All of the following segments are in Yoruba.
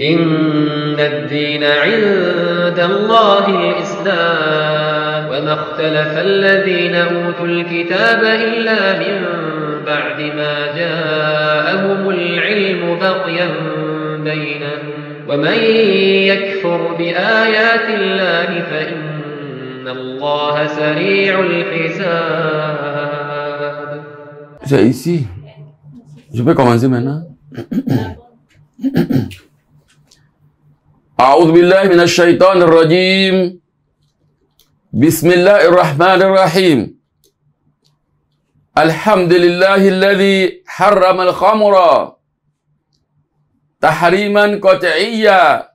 إن الدين عند الله الإسلام وما اختلف الذين أوتوا الكتاب إلا من بعد ما جاءهم العلم بغيا بينهم ومن يكفر بآيات الله فإن الله سريع الحساب Je peux commencer maintenant أعوذ بالله من الشيطان الرجيم بسم الله الرحمن الرحيم الحمد لله الذي حرم الخمر تحريما قطعيا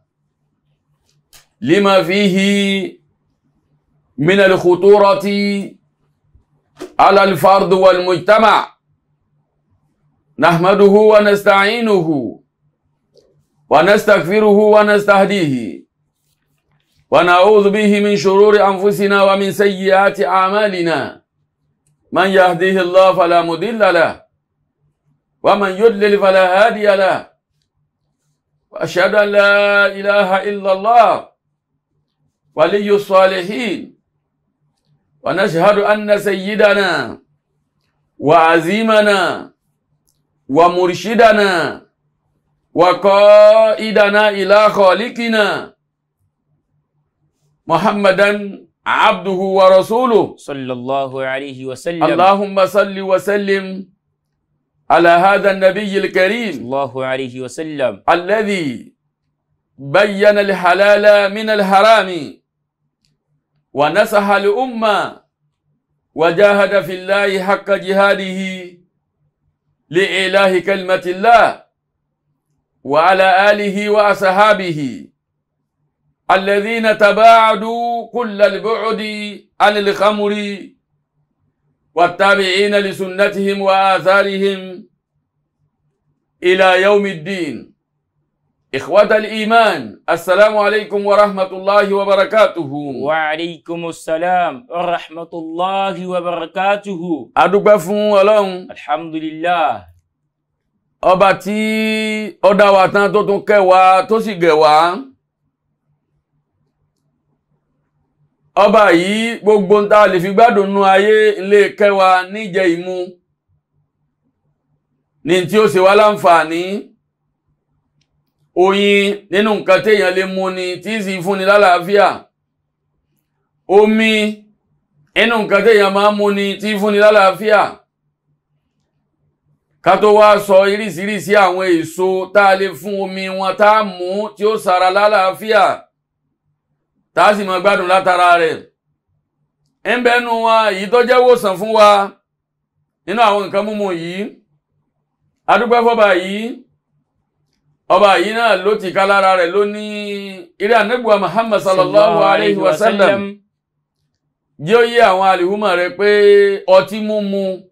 لما فيه من الخطورة على الفرد والمجتمع نحمده ونستعينه ونستغفره ونستهديه ونعوذ به من شرور أنفسنا ومن سيئات أعمالنا من يهديه الله فلا مضل له ومن يضلل فلا هادي له وأشهد أن لا إله إلا الله ولي الصالحين ونشهد أن سيدنا وعزيمنا ومرشدنا وقائدنا إلى خالقنا محمدا عبده ورسوله صلى الله عليه وسلم اللهم صل وسلم على هذا النبي الكريم صلى الله عليه وسلم الذي بين الحلال من الحرام ونصح الأمة وجاهد في الله حق جهاده لإله كلمة الله وعلى آله وأصحابه الذين تباعدوا كل البعد عن الخمر والتابعين لسنتهم وآثارهم إلى يوم الدين إخوة الإيمان السلام عليكم ورحمة الله وبركاته وعليكم السلام ورحمة الله وبركاته أدوك الحمد لله ọba tí ó dá wa tán tó tún kẹ́ wa tó sì gẹ̀ wá ọba yìí gbogbo ń ta lè fi gbádùn nú ayé ilé kẹ́ wa níjẹ ìmu ní tí ó ṣe wá láǹfààní oyin nínú nǹkan téèyàn lè mu ni tí sì fúnni lálàáfíà omi nínú nǹkan téèyàn máa mu ni tí fúnni lálàáfíà. La ká tó wá sọ irísirísi àwọn èso tá a lè fún omi wọn tá a mú tí ó sara lálàáfíà tá a sì mọ gbádùn látara rẹ̀ ń bẹnu wọn èyí tó jẹ́ wòsàn fún wa nínú àwọn nǹkan mímu yìí adúpẹ́ fọ́ba yìí ọba yìí náà ló ti ká lára rẹ̀ ló ní eré anábùwà Muhammad sallallahu alayhi wa sallam jẹ́ òye àwọn àlìhùmọ̀ rẹ̀ pé ọtí mímu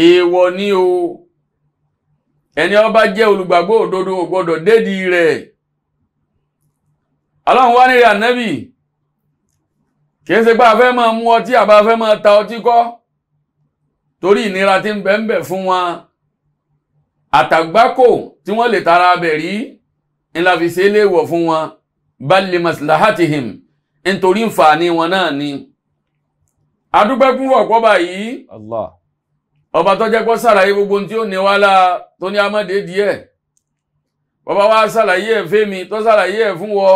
èèwọ̀ ni o ẹni ó bá jẹ́ olùgbàgbọ́ òdodo ò gbọ́dọ̀ dédìí rẹ̀ aláwọn wá nílẹ̀ ànábì kìí ṣe pé a fẹ́ máa mú ọtí àbá fẹ́ máa ta ọtí kọ́ torí ìnira tí ń bẹ ń bẹ fún wọn àtàgbákò tí wọ́n lè tara abẹ̀ rí ńlá fi ṣe léèwọ̀ fún wọn balli maslahatihim nítorí ǹfààní wọn náà ni adúpẹ́ fún ọ̀pọ̀ báyìí ọba tó jẹ́ pọ́ sàlàyé gbogbo tí ó ní wá láa tó ní amọ́dé díẹ̀ bàbá wa sàlàyé ẹ̀ fẹ́mi tó sàlàyé ẹ̀ fún wọ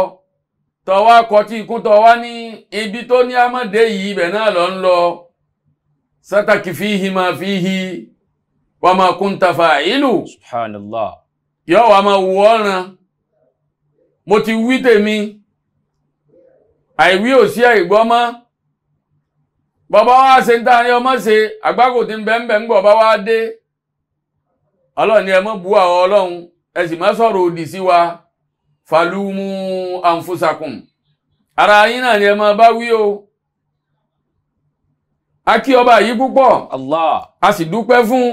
tó wá ikú tó ní ibi tó ní amọ́dé yìí ibẹ̀ náà lọ ń lọ sátàkì fíhi máa fíhi wà máa kunta fa'ilu subhanallah yọ wà máa wù ọ́ràn mo ti wí tèmi àìwí ò sí àìgbọ́mọ́. bọ́bá wá ṣe ń tán ní ọmọ ṣe àgbákò tí ń bẹ́ ń bẹ́ ń ni ẹ bu àwọn ọlọ́run ẹ sì má sọ̀rọ̀ òdì sí wa ara yín náà ni ẹ máa bá a kí ọba yìí púpọ̀ Allah a sì dúpẹ́ fún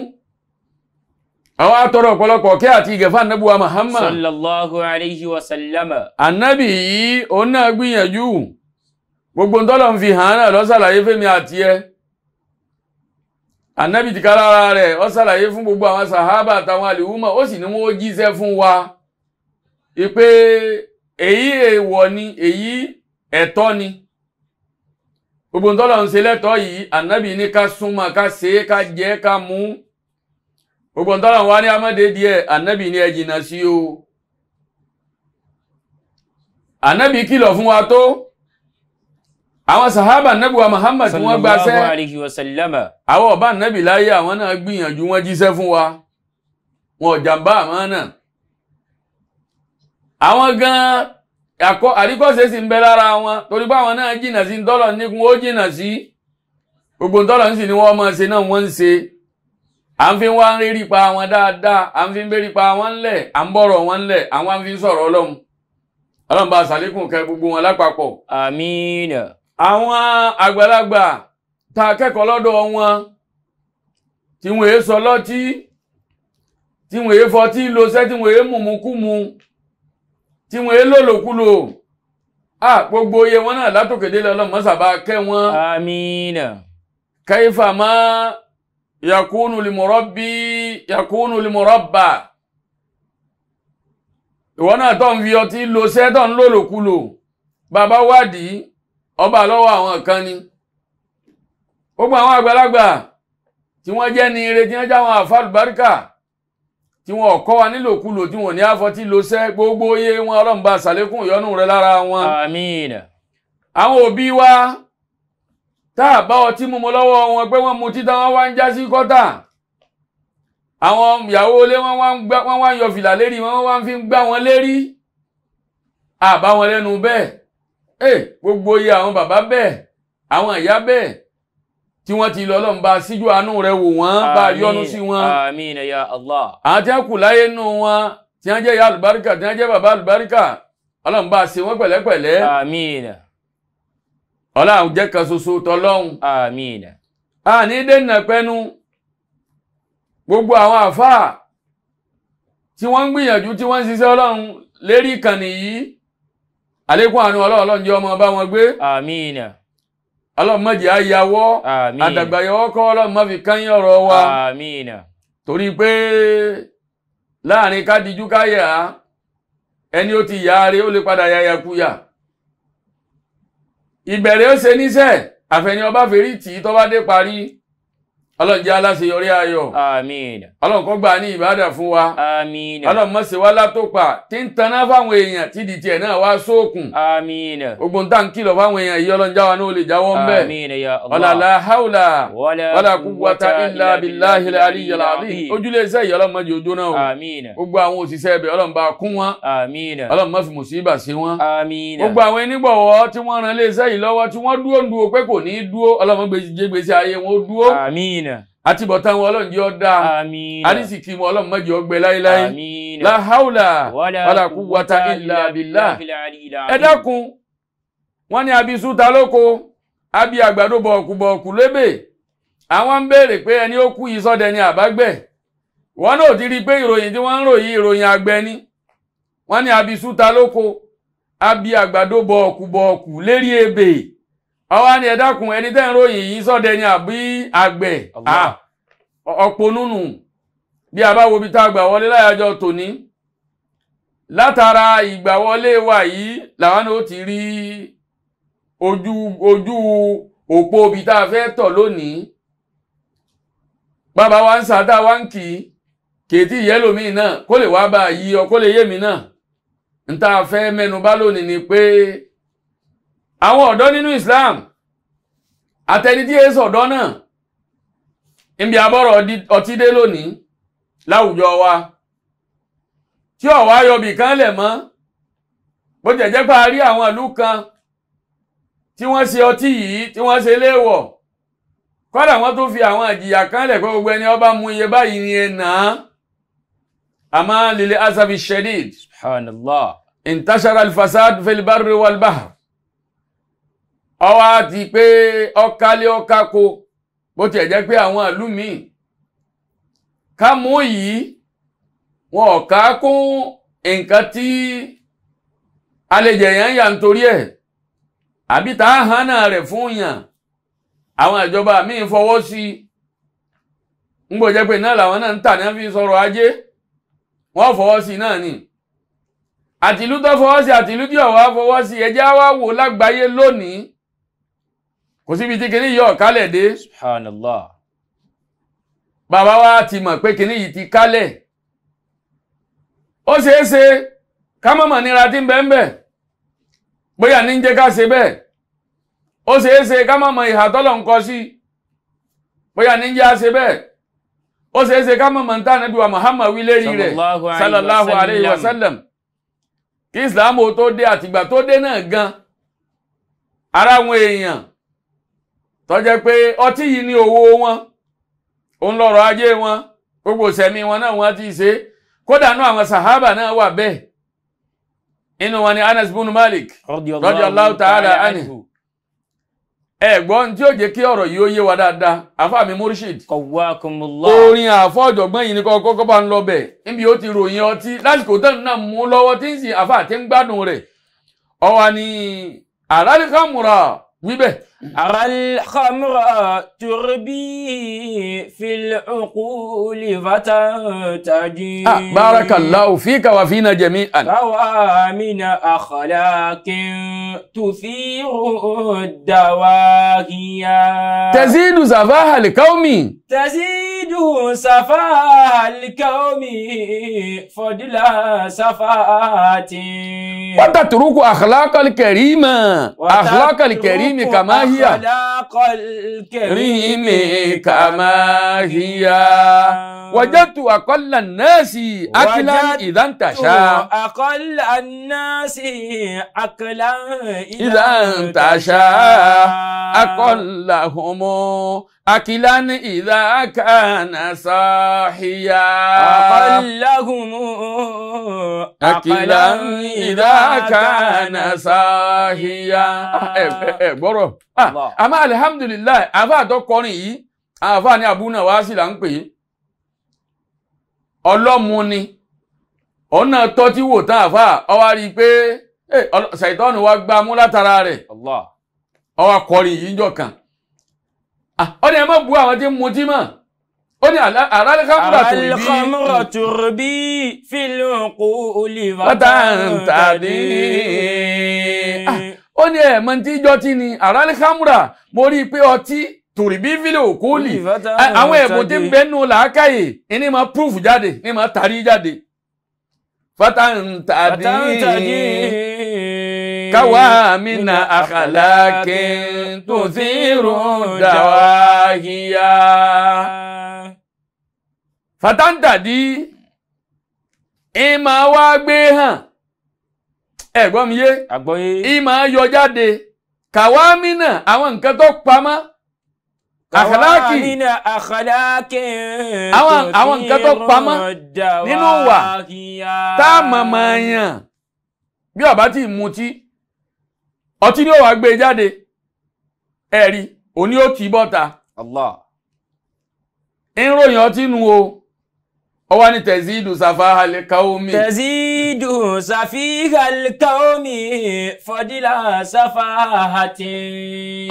àwọn atọrọ ọ̀pọ̀lọpọ̀ kí àti ìgẹ̀fà Muhammad sallallahu alayhi wa sallam yìí òun náà gbìyànjú. gbogbo ń tọ́lọ̀ ń fi hàn án náà ló ṣàlàyé fẹ́mi àti ẹ ànábì ti ká lára rẹ̀ ó ṣàlàyé fún gbogbo àwọn sàhábà àtàwọn àlìwúmọ̀ ó sì ní wọ́n jíṣẹ́ fún wa ìpè èyí èèwọ̀ ni èyí ẹ̀tọ́ ni gbogbo ń tọ́lọ̀ ń ṣe lẹ́tọ̀ọ́ yìí ànábì ní ká súnmọ́ ká ṣe é ká jẹ ká mú gbogbo ń wá ní amáde díẹ̀ ànábì ní ẹ sí o ànábì kìlọ̀ fún wa tó. àwọn sàhábà nabuwa wa Muhammad wọn wọ́n ọba nabi láyé àwọn náà gbìyànjú wọn jíṣẹ́ fún wa wọn ò jàǹbá náà àwọn gan àríkọ́ṣe sì ń bẹ wọn torí pé àwọn náà jìnà sí tọ́lọ̀ nígun ó jìnà sí gbogbo ń ni wọ́n ṣe náà wọ́n wọn dáadáa à ń fi ń pa wọn à ń bọ̀rọ̀ wọn àwọn à gbogbo wọn lápapọ̀. àwọn àgbàlagbà tá a kẹ́kọ̀ọ́ lọ́dọ̀ wọn tí wọ́n èé sọ lọ́tí tí wọ́n èé fọtí lọ́sẹ́ tí wọ́n èé mùmúkùmù tí wọ́n èé lòlòkulò à gbogbo iye wọn náà látòkèdè lọ́lọ́mọ sábà kẹ́ wọn. amiina. kaifa ma yakunu limurabbi yakunu limurabba ìwọ náà tó ń fi ọtí lọ́sẹ́ tó ń lòlòkulò bàbá wádìí ọba lọ́wọ́ àwọn kan ni gbogbo àwọn àgbàlagbà tí wọ́n jẹ́ ní ire tí wọ́n jẹ́ àwọn àfàlùbáríkà tí wọ́n kọ́ wa nílòkulò tí wọ́n ní àfọtí lọ́sẹ̀ gbogbo yé wọn ọlọ́run bá ṣàlékún ìyọ́nú rẹ̀ lára wọn. àmín. àwọn òbí wa tá a bá ọtí mímu lọ́wọ́ wọn pé wọ́n mutí táwọn wá ń já sí kọ́tà àwọn ìyàwó ilé wọn wá ń yọ fìlà lérí wọn wá ń fi gbá wọn lérí àbá wọn lẹ́nu bẹ́ẹ̀ gbogbo iye àwọn bàbá bẹ́ẹ̀ àwọn ìyá bẹ́ẹ̀ tí wọ́n ti lọ ọlọ́run bá síjú àánú rẹ wò wọ́n bá yọ́nú sí wọn. àmín ya Allah. àti láyé nù wọn tí wọ́n jẹ́ ìyá àlùbáríkà tí wọ́n jẹ́ bàbá àlùbáríkà ọlọ́run bá ṣe wọ́n pẹ̀lẹ́pẹ̀lẹ́. àmín. ọlọ́run kan ṣoṣo tọlọ́run. àní dènà pẹ́nu gbogbo àwọn àfáà tí wọ́n ń gbìyànjú tí wọ́n ń ṣiṣẹ́ ọlọ́run lérí ìkànnì yìí àlékún àánú ọlọ́ọ̀lọ́ọ̀ jẹ́ ọmọ bá wọn gbé. àmín. ọlọ́run má jẹ́ àyàwọ́ àdàgbàyàwọ́ kọ́ fi kányìn ọ̀rọ̀ wa. àmín. torí pé láàrin ká dijú ká yà ẹni ó ti yà á rí ó lè padà yàyà kuyà. ìbẹ̀rẹ̀ ó ṣe níṣẹ́ àfẹni ọba fèrè tì í tó bá dé parí. ọlọ́run jẹ́ aláṣeyọrí ayọ̀. àmín. ọlọ́run kó gbà ní ìbádà fún wa. àmín. ọlọ́run má ṣe wá látòpà tí ń taná fáwọn èèyàn tí di tiẹ̀ náà wá sóòkùn. àmín. gbogbo ń tàn kìlọ̀ fáwọn èèyàn yìí ọlọ́run jáwa náà lè jáwọ́ ń bẹ̀. àmín ya Allah. ọ̀là la hawla wala quwwata illa billahil aliyyil azim. ojúlé iṣẹ́ yìí ọlọ́run má jẹ́ ojú náà o. àmín. gbogbo àwọn òṣìṣẹ́ ibẹ̀ ọlọ́run bá kún wọn. àmín. ọlọ́run má fi mùsíbà sí wọn. àmín. gbogbo àwọn onígbọ̀wọ́ tí wọ́n ran ilé iṣẹ́ yìí lọ́wọ́ tí wọ́n dúró ń dúró pé kò ní í dúró ọlọ́run gbèsè ayé wọn àtibọ̀tán wọn ọlọ́run jẹ́ ọ dáa àrísìkí wọn ọlọ́run má jẹ́ ọ gbẹ láéláé la haula wala quwwata illa billah ẹ dákun wọ́n ní abisu ta lóko abi àgbàdo bọ̀ọ̀kù bọ̀ọ̀kù lébè àwọn ń béèrè pé ẹni ó kú ìsọdẹ ni àbágbẹ̀ wọn náà ti rí i pé ìròyìn tí wọ́n ń ròyìn ìròyìn àgbẹ̀ ni wọ́n ní abisu ta lóko abi àgbàdo bọ̀ọ̀kù bọ̀ọ̀kù lérí ebè ọwọ́ ni ẹ dákun ẹni tẹ́ ń ròyìn yìí sọ́dẹ ni àbí àgbẹ̀ ah, ọ̀pọ̀ nùnù bí a bá wo ibi tá a gbà wọlé láyàjọ́ tòní látara ìgbà wa yìí làwọn náà ti rí ojú òpó ibi tá a fẹ́ tọ̀ lónìí bàbá wa ń sàdá wa ń kì í kèétí ìyẹ́lòmíì náà kó lè wá bá a yí ọ kó lè yé mi náà ń tá a fẹ́ mẹ́nu lónìí ni pé. àwọn ọ̀dọ́ nínú Islam àtẹnidí èso ọ̀dọ́ náà ibi abọ́rọ̀ ọtí dé lónìí láwùjọ wa tí ọ̀wá yọbì kan lẹ̀ mọ́ bó jẹ̀jẹ́ pa rí àwọn ìlú kan tí wọ́n ṣe ọtí yìí tí wọ́n ṣe léèwọ̀ kọ́dà wọ́n tó fi àwọn ìjìyà kan lẹ̀ pé gbogbo ẹni ọba mu iye báyìí ni ẹ nà àmọ́ lílé asabi shedid subhanallah intashara alfasad fil ọwọ́ á ti pé ọkálé ọkáko bó tiẹ̀ jẹ́ pé àwọn ìlú míì kámú yìí wọn ò ká kún nǹkan tí àlejò èèyàn yà nítorí ẹ̀ àbí tá a hànà rẹ̀ fún yàn àwọn ìjọba míì fọwọ́ sí i ń bò jẹ́ pé náà làwọn náà ń tà ní wọ́n fi sọ̀rọ̀ ajé wọ́n fọwọ́ sí i náà ni àtìlú tó fọwọ́ sí àtìlú tí ọ̀wá fọwọ́ sí ẹjẹ́ wá wò lágbàáyé lónìí kò síbi tí kinní yọ kálẹ̀ dé. subhanallah. bàbá wa ti mọ̀ pé kinní ti kálẹ̀ ó ṣeé ṣe ma má mọ̀ nira tí ń bẹ ń bẹ bóyá ní ń jẹ́ ká ṣe bẹ́ẹ̀ ó ṣeé ṣe ká má mọ̀ ìhà tọ́lọ̀ ń kọ sí bóyá ní ń jẹ́ á ṣe bẹ́ẹ̀ ó ṣe ká ń tà Muhammad wí lérí rẹ̀ sallallahu alayhi wa sallam kí Islam tó dé àtìgbà tó dé náà gan ara àwọn èèyàn tó pé ọtí yìí ní owó wọn òun lọ́rọ̀ ajé wọn gbogbo sẹ̀mí wọn náà wọ́n ti ṣe kódà náà àwọn sàhábà náà wà bẹ́ẹ̀ inú wọn ni Anas bin Malik radiyallahu ta'ala anhu ẹ̀gbọ́n tí ó jẹ́ kí ọ̀rọ̀ yìí ó yé wa dáadáa àfàmì murshid. kọ̀wákùnmùlá. orin àfọ̀jọ̀gbọ́n yìí ni kọ́ kọ́kọ́ bá ń lọ bẹ̀ níbi ó ti ròyìn ọtí lásìkò tó náà mú lọ́wọ́ tí ń sìn àfà àti ń gbádùn rẹ̀. ọ̀wà ni àràlíkàmùrà wíbẹ̀. Àràlhámúra tùrùbí fìlùkúlì fata tají. Ah, barakallahu fika wa fina jami'an. Báwa mina akhlaqin tuthiru dàwáhíyá. Tazidu safaha li qaumi. Tazidu. يرجو سفاء الكوم فضل سفاءة وتترك أخلاق الكريم أخلاق الكريم كما هي أخلاق الكريم كما هي وجدت أقل الناس أكلا إذا انتشى أقل الناس أكلا إذا انتشى أقلهم أكلا إذا كان صاحيا أقلهم أكلا إذا كان صاحيا gbọ́rọ̀ àmọ́ alihamudulilayi àfa àtọkọrin yìí àfa ní abúlé wa afa ni ń pè é ọlọ́mu ni ọ̀nà tọ́tí wò ṣàìtọ́nù wa gbámú látara rẹ̀ ọwá kọrin yìí jọ kan. Ah, ní ẹ má bu àwọn tí ń mutí mọ́ ó ní àràlẹ́kàmúrà tùrùbí fílùkù olùfàtà tàdí. ó ní ẹ̀ mọ̀ tí ìjọ tí ni àràlẹ́kàmúrà mo rí i pé ọtí tùrìbí fílẹ̀ òkúlì àwọn ẹ̀bùn tí ń bẹ́nu làákàyè ní ma proof jáde ní ma tari jáde. fata ń tàdí. كوى من أخلاق تثير دواهيا fatandadi ìmọ̀ wa gbé hàn ẹ̀gbọ́n mi yé ìmọ̀ yọ jáde kàwámínà àwọn nǹkan tó pamọ́ àkàlákì àwọn nǹkan tó pamọ́ nínú wà tá a mọ̀ mọ̀ yàn bí ọ̀bá tí ì mutí ọtí ni ó wàá gbé jáde ẹ̀rí òní ó tì ọtí nu o ni tẹ̀sídù sàfáhàlì káómi. tẹ̀sídù sàfíhàlì káómi fọdílà sàfáhàtì.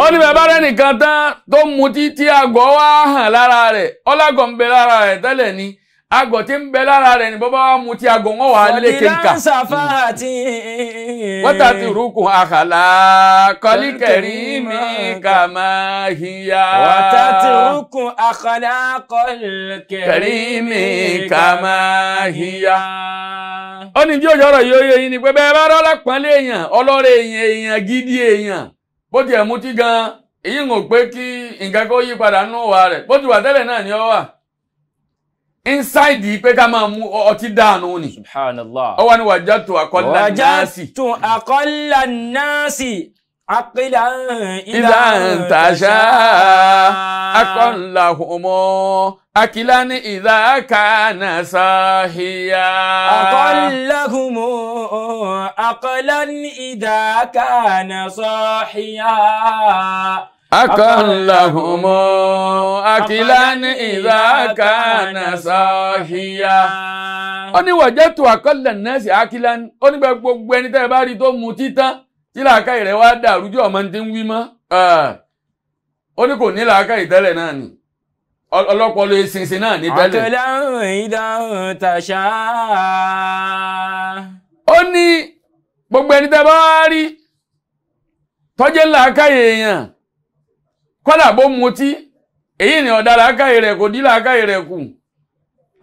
ó ní bàbá nìkan tán tó mutí tí àgọ́ wá hàn lára rẹ̀ ọlágọ̀ lára rẹ̀ tẹ́lẹ̀ ni. agọ̀ ń bẹ lára ni bọ́bá wa ti agọ̀ ti rúkun àkàlà mi kà máa wọ́tà ti rúkun àkàlà mi kà máa hiya. ó ní bí yẹ yín ni pé bẹ́ẹ̀ bá rọ́lá pọ́nlé èèyàn ọlọ́rẹ̀ èèyàn èèyàn gidi èèyàn bó tiẹ̀ gan-an èyí ń gò pé kí nǹkan kó yí padà nù wà rẹ̀ ni ó inside pé ká máa mu ọtí dànù ni. subhanallah. ó wà ní wàjà tó àkọlà náàsì. wàjà tó àkọlà náàsì. Àkìlà ìlà ntàṣà akọ̀ǹlà hùmọ́ àkìlà ní ìlà kàánà sáhìyà. Àkọ̀ǹlà hùmọ́ àkọ̀là ní ìlà kàánà sáhìyà akọ̀lọ̀hùnmọ́ akílání ìzákàánà sọ́híyá. ó ní wọ̀jẹ́ tó àkọlẹ̀ nẹ́ẹ̀sì akílání ó ní gbogbo ẹni tẹ́ ẹ bá rí tó mu títán tí làákà rẹ̀ wá dàrú jù ọmọ tí ń wí mọ́. ni ọlọ́pọlọ ìsinsin náà ní tẹ́lẹ̀. àtẹ̀láhùn ìdáhùn tàṣà. ó ní gbogbo ẹni tẹ́ bá rí tọ́jẹ́ làákà èèyàn kọ́dà bó mutí èyí ni ọ̀dà làákàyè rẹ̀ kò dí làákàyè rẹ̀ kù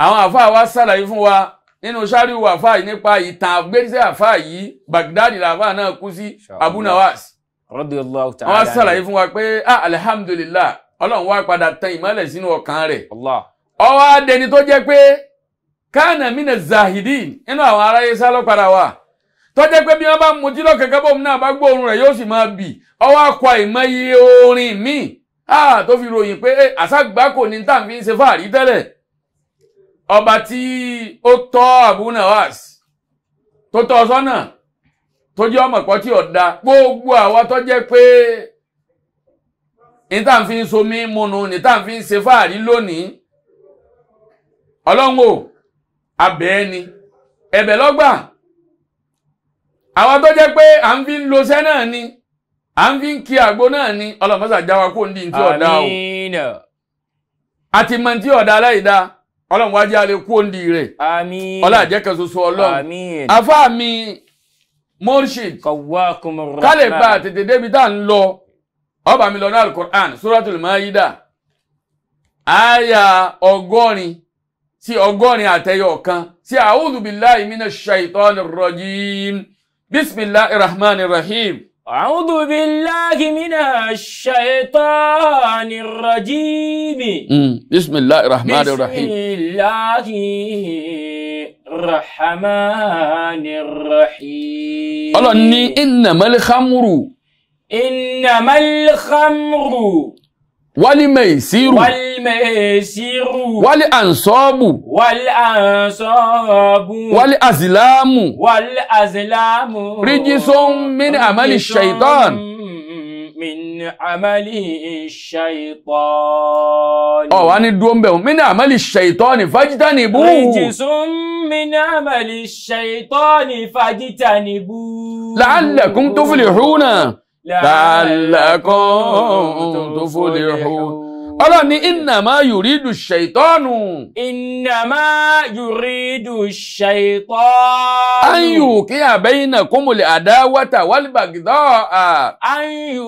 àwọn àfáà wa ṣàlàyé fún wa nínú sáríwò àfáà yìí nípa ìtàn àgbéṣẹ́ àfáà yìí Baghdadi làfáà náà kú sí Abu Nawas radiyallahu ta'ala wọ́n ṣàlàyé fún wa pé ah alhamdulillah ọlọ́run wá padà tan ìmọ́lẹ̀ sínú ọkàn rẹ̀ ọwọ́ adẹni tó jẹ́ pé kánà mínà zahidin nínú àwọn aráyé sálọ́ padà wà. tọ́jẹ́ pé bí wọ́n bá mutí lọ́kẹ̀kẹ́ bóun náà bá gbóòórùn rẹ̀ yóò sì máa bì wá akọ àìmọye orin míì tó fi ròyìn pé àṣàgbà kò ní tá à ń fi ṣe fáàrí tẹ́lẹ̀ ọba tí ó tọ́ Abu Nawas tó tọ́ sọ́nà tó jẹ́ ọmọ ìpọ́ tí ọ̀dà gbogbo àwa tọ́jẹ́ pé ní tá à ń fi somi múnu ní tá à ń fi ṣe fáàrí lónìí ọlọ́wọ́ ò abẹ́ ẹni ẹ̀bẹ̀ lọ́gbà àwọn tó jẹ́ pé à ń fi ń lo iṣẹ́ náà ni à ń fi ń kí àgbo náà ni ọlọ́mọ́sà já wa kó ń di ní tí ọ̀dà o àti mọ̀ ní tí aláìda ọlọ́run wájú alẹ́ kó ń di rẹ̀ ọlọ́àjẹ́ kan ṣoṣo ọlọ́run mi murshid kálẹ̀ bá tètè débi tá à ń lọ ọba mi lọ ní alukur'an suratul maida aya ọgọ́rin sí ọgọ́rin àtẹyọ kan sí a'udhu billahi minash shaitanir rajim. بسم الله الرحمن الرحيم أعوذ بالله من الشيطان الرجيم بسم الله الرحمن الرحيم بسم الله الرحمن الرحيم الله إنما الخمر إنما الخمر wali meisiru wali meisiru wali ansobu wali ansobu wali azilamu wali azilamu rijisun min amali shaitan min amali shaitan ọ wá ní dúró ń bẹ̀rún min amali shaitan fajtanibu rijisun min amali shaitan fajtanibu la'allakum tuflihuna. لعلكم تفلحون ọlọ́run ní ìnàmá yùrídù ṣètọ́nù. ìnàmá yùrídù ṣètọ́nù. ayù kí àbẹ́yìnà kúmùlẹ̀ àdáwátà wálìbàgìdọ́ à. ayù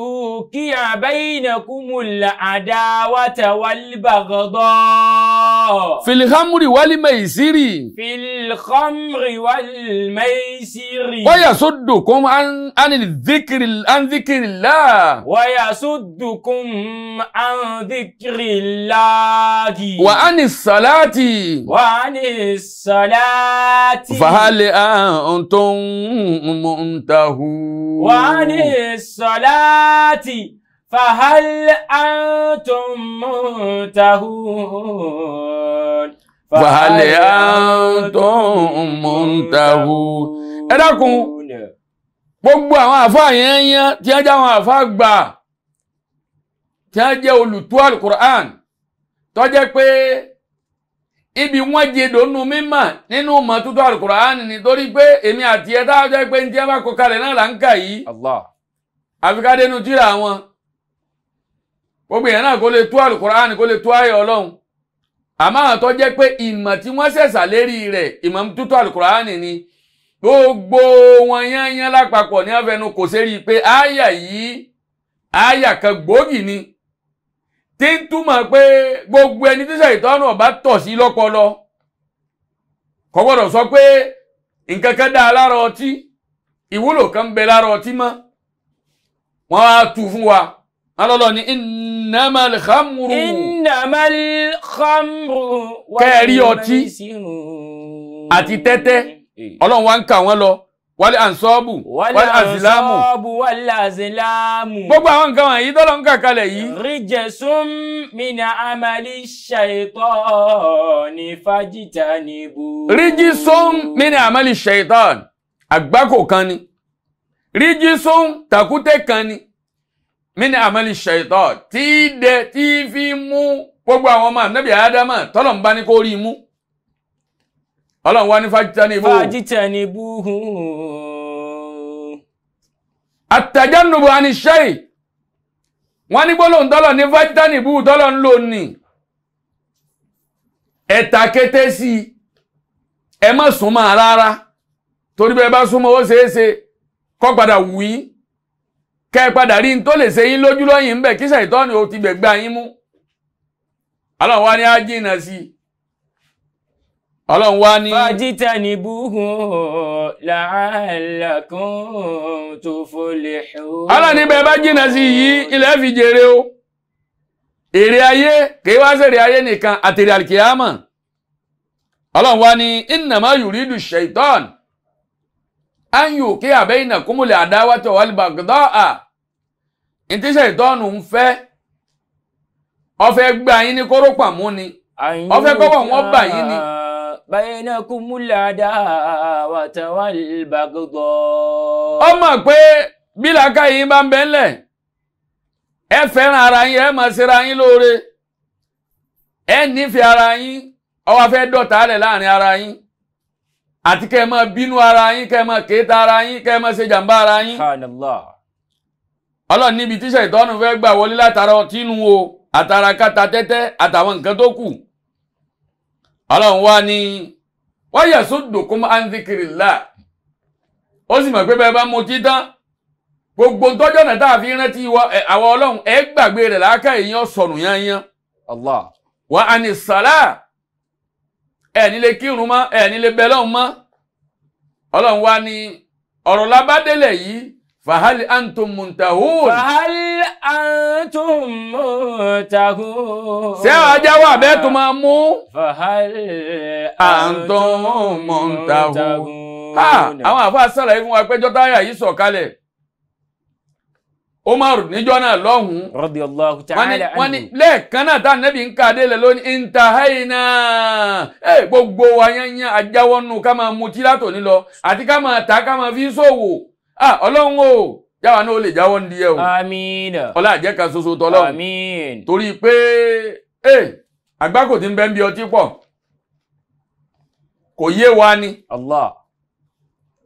kí àbẹ́yìnà kúmùlẹ̀ àdáwátà wálìbàgìdọ́. filihamri wálìmẹ̀sírì. filihamri wálìmẹ̀sírì. wáyà sódò kún ánìlì zikiri lá. wáyà sódò kún ánìlì zikiri zikirillahi. Wa ani salati. Wa ani salati. Fahali antum muntahu. Wa ani salati. Fahal antum muntahun. Fahal antum muntahun. Ẹ dákun, gbogbo àwọn àfáà yẹn yẹn tí ẹ jẹ́ àwọn àfáà gbà tí wọ́n jẹ́ olùtú alukur'an tó jẹ́ pé ibi wọ́n jẹ dònú mímọ̀ nínú mọ̀ tútù alukur'an nítorí pé èmi àti ẹ̀ táwọn jẹ́ pé ní tí wọ́n bá kọ kalẹ̀ náà là ń kà yìí àfikádẹ́nu tíra wọn gbogbo èèyàn náà kó lè tú alukur'an kó lè tú ayé ọlọ́run àmọ́ àwọn tó jẹ́ pé ìmọ̀ tí wọ́n ṣẹ̀ṣà lérí rẹ̀ ìmọ̀ tútù alukur'an ni gbogbo wọn yányán lápapọ̀ ní àfẹnu kò pé áyà yìí áyà kan gbòógì ni tí ń túmọ̀ pé gbogbo ẹni tí ṣàìtọ́nù ọ̀bá tọ̀ sí lọ́pọlọ kò gbọ́dọ̀ sọ pé nǹkan kan dáa lára ọtí ìwúlò kan ń bẹ lára ọtí mọ́ wọ́n á tu fún wa alọ́lọ́ ni innamal khamru innamal khamru kẹ́ẹ̀rí ọtí àti tẹ́tẹ́ ọlọ́run wa ń kà wọ́n lọ wálé ànsọ́ọ̀bù wálé àzìlámù wálé àzìlámù. gbogbo àwọn nǹkan wọ̀nyí tọ́lọ́ ń kà kalẹ̀ yìí. ríjẹ sún mi ní amali ṣàìtọ́ ní fájìtà níbu. ríjì sún mi ní amali ṣàìtọ́ àgbákò kan ni ríjì sún tàkúté kan ni mi ní amali ṣàìtọ́ tí dẹ tí fi mú gbogbo àwọn ọmọ ànábì ádámà tọ́lọ̀ ń bá ní kó mú ọlọ́run wá ní fájítà ní ibú. fájítà ní ibú. àtàjánubu àníṣẹ́yì wọ́n ní gbólóhùn tọ́lọ̀ ní fájítà ní ibú tọ́lọ̀ ń lò ní. ẹ̀ta kété sí i ẹ má súnmọ́ rárá torí bẹ́ẹ̀ bá súnmọ́ ó ṣeé ṣe kọ́ padà wí kẹ́ ẹ padà rí n tó lè ṣe yín lójú lọ́yìn ń bẹ̀ kí ṣàìtọ́ni ó ti gbẹ̀gbẹ́ yín mú. ọlọ́run wá ní á sí i. ọlọ́run wá ní. fàjítà ní búhùn la'allakum tuflihun. ọlọ́run níbẹ̀ bá jìnnà sí yìí ilẹ̀ fi jèrè o. èrè ayé kì í wá sèrè ayé nìkan àtèrè àlìkìyàmọ̀. ọlọ́run wá ní innama yuridu shaitan an yuqi'a bainakumul adawata wal bagda'a. ìtí ṣètọ́nù ń fẹ́ ọ̀fẹ́ gbà yín ní ni ọ̀fẹ́ kọ́wọ́ wọn bà yín ni. بينكم العداوة والبغضاء. Ó mọ̀ pé bí làákàyè yín bá ń bẹ ńlẹ̀ ẹ fẹ́ràn ara yín ẹ máa ṣera yín lóore ẹ ara ara máa bínú ara yín kẹ́ máa kéta ara yín kẹ́ máa ṣe ara yín. Ọlọ́run níbi tíṣẹ̀ ìtọ́nù fẹ́ gbà wọlé látara ọtí nu o àtàràkàtà tẹ́tẹ́ àtàwọn nǹkan tó Ọlọmwa ni, wọ́n yasọ an mụ adịkirila. O si mụ apụy ba mo mmụtị dán. Gbogbo dọjọ na ta a fi ren tiyi awo ọlọm egbagbe re la aka eyi ọsọ yan ya wa Wọ́n ani sara a. A ya ni le kirun ma, e ya ni le beloma. Ọlọmwa ni, ọrụ la baa deli ya. فهل أنتم منتهون؟ فهل أنتم منتهون؟ ṣé ọjà wà bẹ́ẹ̀ tó máa mú. fàhálì antum muntahun. àwọn àfa sàlàyé fún wa pé jọ́tà yà yìí sọ̀kalẹ̀. Umar níjọ́ náà lọ́hùn. Radiyallahu ta'ala anhu. Wọ́n ní lẹ́ẹ̀kan náà tá nẹ́bí ń ka délẹ̀ lónìí, intahaina. Ẹ gbogbo wa yẹn yẹn ajáwọ́nù ká máa mutí látòní lọ àti ká máa ta ká máa fi ṣòwò ah ọlọ́run o jáwa náà ó lè jáwọ́ ní díẹ̀ o àmín ọlá àjẹkà ṣoṣo tọlọ́run àmín torí pé ẹ àgbákò tí ń bẹ ń bí ọtí pọ̀ kò yé wa ni Allah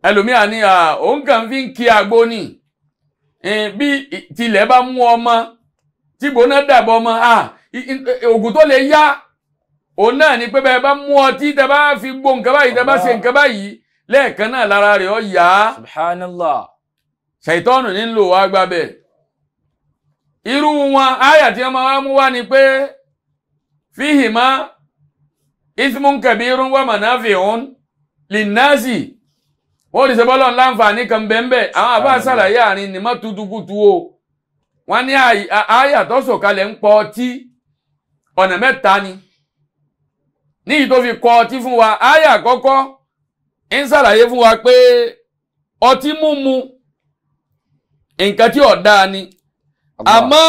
ẹlòmíà ni òun kàn fi ń kí agbó ni bí tilẹ̀ bá mú ọmọ tí gbóná dàbọ̀ ọmọ ògùn tó lè yá òun náà ni pé bẹ́ẹ̀ bá mú ọtí tẹ bá fi gbó nǹkan báyìí tẹ bá ṣe nǹkan báyìí lẹ́ẹ̀kan náà lára rẹ̀ ọ yá subhanallah ṣàìtọ́nù ní lò wá gbábẹ̀ irú wọn tí ọmọ wa mú wá ni pé fíhìmá ismun kabirun wa manafi'un linnasi wọ́n rí sẹ́bọ́lọ́ láǹfààní kan bẹ́ẹ̀ àwọn àbá àárín ni má o wọ́n ní àyà tó sọ̀kalẹ̀ ń pọ̀ ọtí ọ̀nà mẹ́ta ni níyì tó fi kọ ọtí wa àyà àkọ́kọ́ ń ṣàlàyé fún wa pé ọtí mímu nǹkan tí ọ̀dá ni àmọ́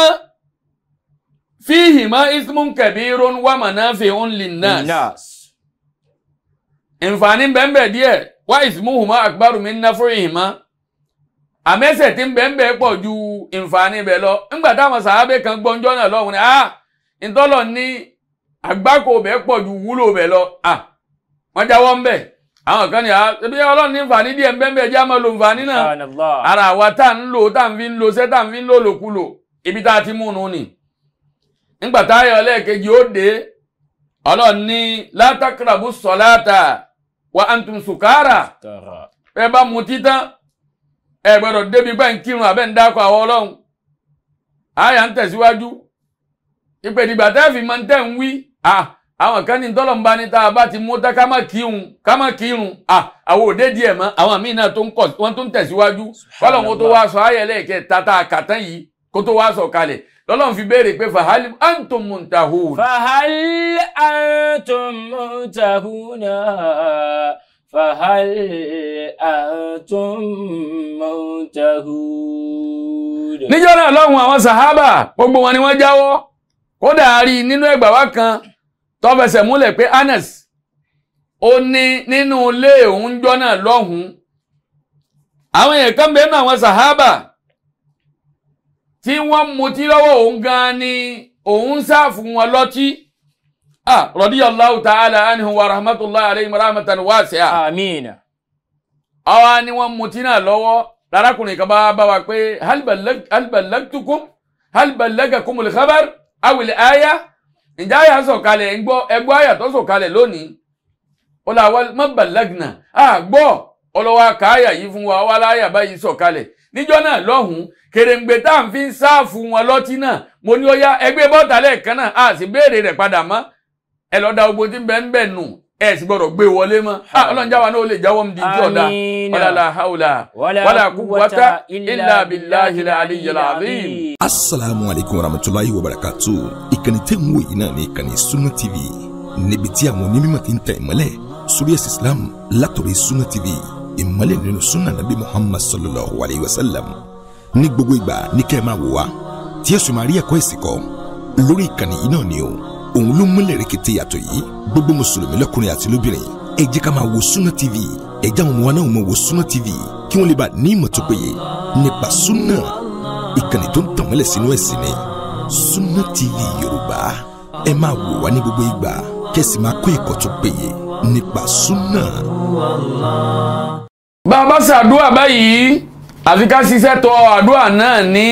fíhìmá ismun kabirun wa manafi'un linnas nfààní bẹ́ẹ̀nbẹ́ díẹ̀ wá ismuhuma akbaru min naf'ihima àmẹ́sẹ̀ tí bẹ́ẹ̀nbẹ́ pọ̀ ju nfààní bẹ́ẹ̀ lọ ńgbà táwọn kan gbọ́njọ́ náà lọ́wọ́ ni ntọ́lọ̀ ah, ní àgbákò bẹ́ẹ̀ pọ̀ ju wúlò bẹ́ẹ̀ lọ ah, wọ́n jáwọ́ ń àwọn kan ní ẹbí ah, ọlọ́run ní nfààní díẹ̀ nbẹ́nbẹ́ ẹjẹ́ àmọ́ lo arawa náà ara àwa tá à ń lò tá à ń fi ń lo ṣẹ́ tá à ń fi ń lò lòkulò ibi tá a ti mú un ni. nígbà táyà ọlẹ́ẹ̀kejì ó dé ọlọ́run ní látàkàràbù sọ̀láàtà wà á tún sùkárà ẹ bá mu títán ẹ débi ń kírun ń dákọ̀ àwọn ọlọ́run àyà ń tẹ̀síwájú ìpèdìgbà máa ń tẹ̀ ń wí ah, àwọn kan ní tọ́lọ̀mbá ní tá a bá ti mú tá ká má kírun ká má kírun àwọn òde díẹ̀ mọ́ àwọn míì náà tó ń kọ̀ wọ́n tó ń tẹ̀síwájú kọ́lọ̀ wọn tó wá sọ ayẹlẹ́ kẹta tá a kà tán yìí kó tó wá sọ kalẹ̀ lọ́lọ́run fi béèrè pé fahal antum muntahun. fahal antum muntahun fahal antum muntahun. níjọ́ náà lọ́hùn àwọn sàhábà gbogbo wọn ni wọ́n jáwọ́ kódà rí nínú ẹgbàá wa kan tó fẹsẹ̀ múlẹ̀ pé Anas ó ní nínú ilé òun jọ́nà lọ́hùn-ún àwọn èèyàn kan bẹ́ẹ̀ náà àwọn sàhábà tí wọ́n mutí lọ́wọ́ òun gan-an ni òun sá fún wọn lọ́tí. ah radiyallahu ta'ala anhu wa rahmatullahi alayhi rahmatan wasi'a. amiina. àwa ni wọ́n mutí náà lọ́wọ́ lárakùnrin kan bá bá wa pé hal ballagtukum hal ǹjẹ́ àyà sọ̀kalẹ̀ ń gbọ́ ẹgbọ́ àyà tó sọ̀kalẹ̀ lónìí ó là wá mọ́bàlágìnà àgbọ́ ọlọ́wọ́ yìí fún wa wá láyà báyìí sọ̀kalẹ̀ níjọ́ náà lọ́hùn-ún kèrèǹgbè tá à ń fi ń sáàfù wọn lọ́tí náà mo ní ó yá ẹgbẹ́ a sì béèrè rẹ̀ padà mọ́ ẹ lọ́ọ́ da tí ń ẹ sì gbọ́dọ̀ gbé wọlé mọ́ ah, ọlọ́run jáwa náà ó lè jáwọ́ mi di ìjọ ọ̀dà ọ̀làlà haúlà wàlà kúwàtà ilà bìláhi aliyyil azim. asalaamu alaykum wa rahmatulahi wa barakatu ìkànnì tẹ́ ń wò yìí náà ní ìkànnì Sunna TV níbi tí àwọn onímọ̀ ti ń tẹ̀ ìmọ́lẹ̀ sórí ẹ̀sìn Islam látọ̀rọ̀ Sunna TV ìmọ́lẹ̀ nínú sunna nabi Muhammad sallallahu alayhi wa sallam ní gbogbo ìgbà ní kẹ́ ẹ máa wò wá tí ẹ sì máa rí ẹ̀kọ́ ẹ̀sìn òun ló múlẹ̀ rẹ̀kẹ̀tẹ̀ yàtọ̀ yìí gbogbo mùsùlùmí lọ́kùnrin àti lóbìnrin ẹ jẹ́ ká máa wo Sunna TV ẹ jẹ́ àwọn náà máa wo Sunna TV kí wọ́n lè bá ní ìmọ̀ tó péye nípa Sunna ìkànnì tó ń tàn mọ́lẹ̀ sínú ẹ̀sìn ni Sunna TV Yorùbá ẹ máa wò wá ní gbogbo ìgbà kẹ́sì máa kọ́ ẹ̀kọ́ tó péye nípa Sunna. bá a bá ṣàdúrà báyìí àfi ká ṣiṣẹ́ tọ àdúrà náà ní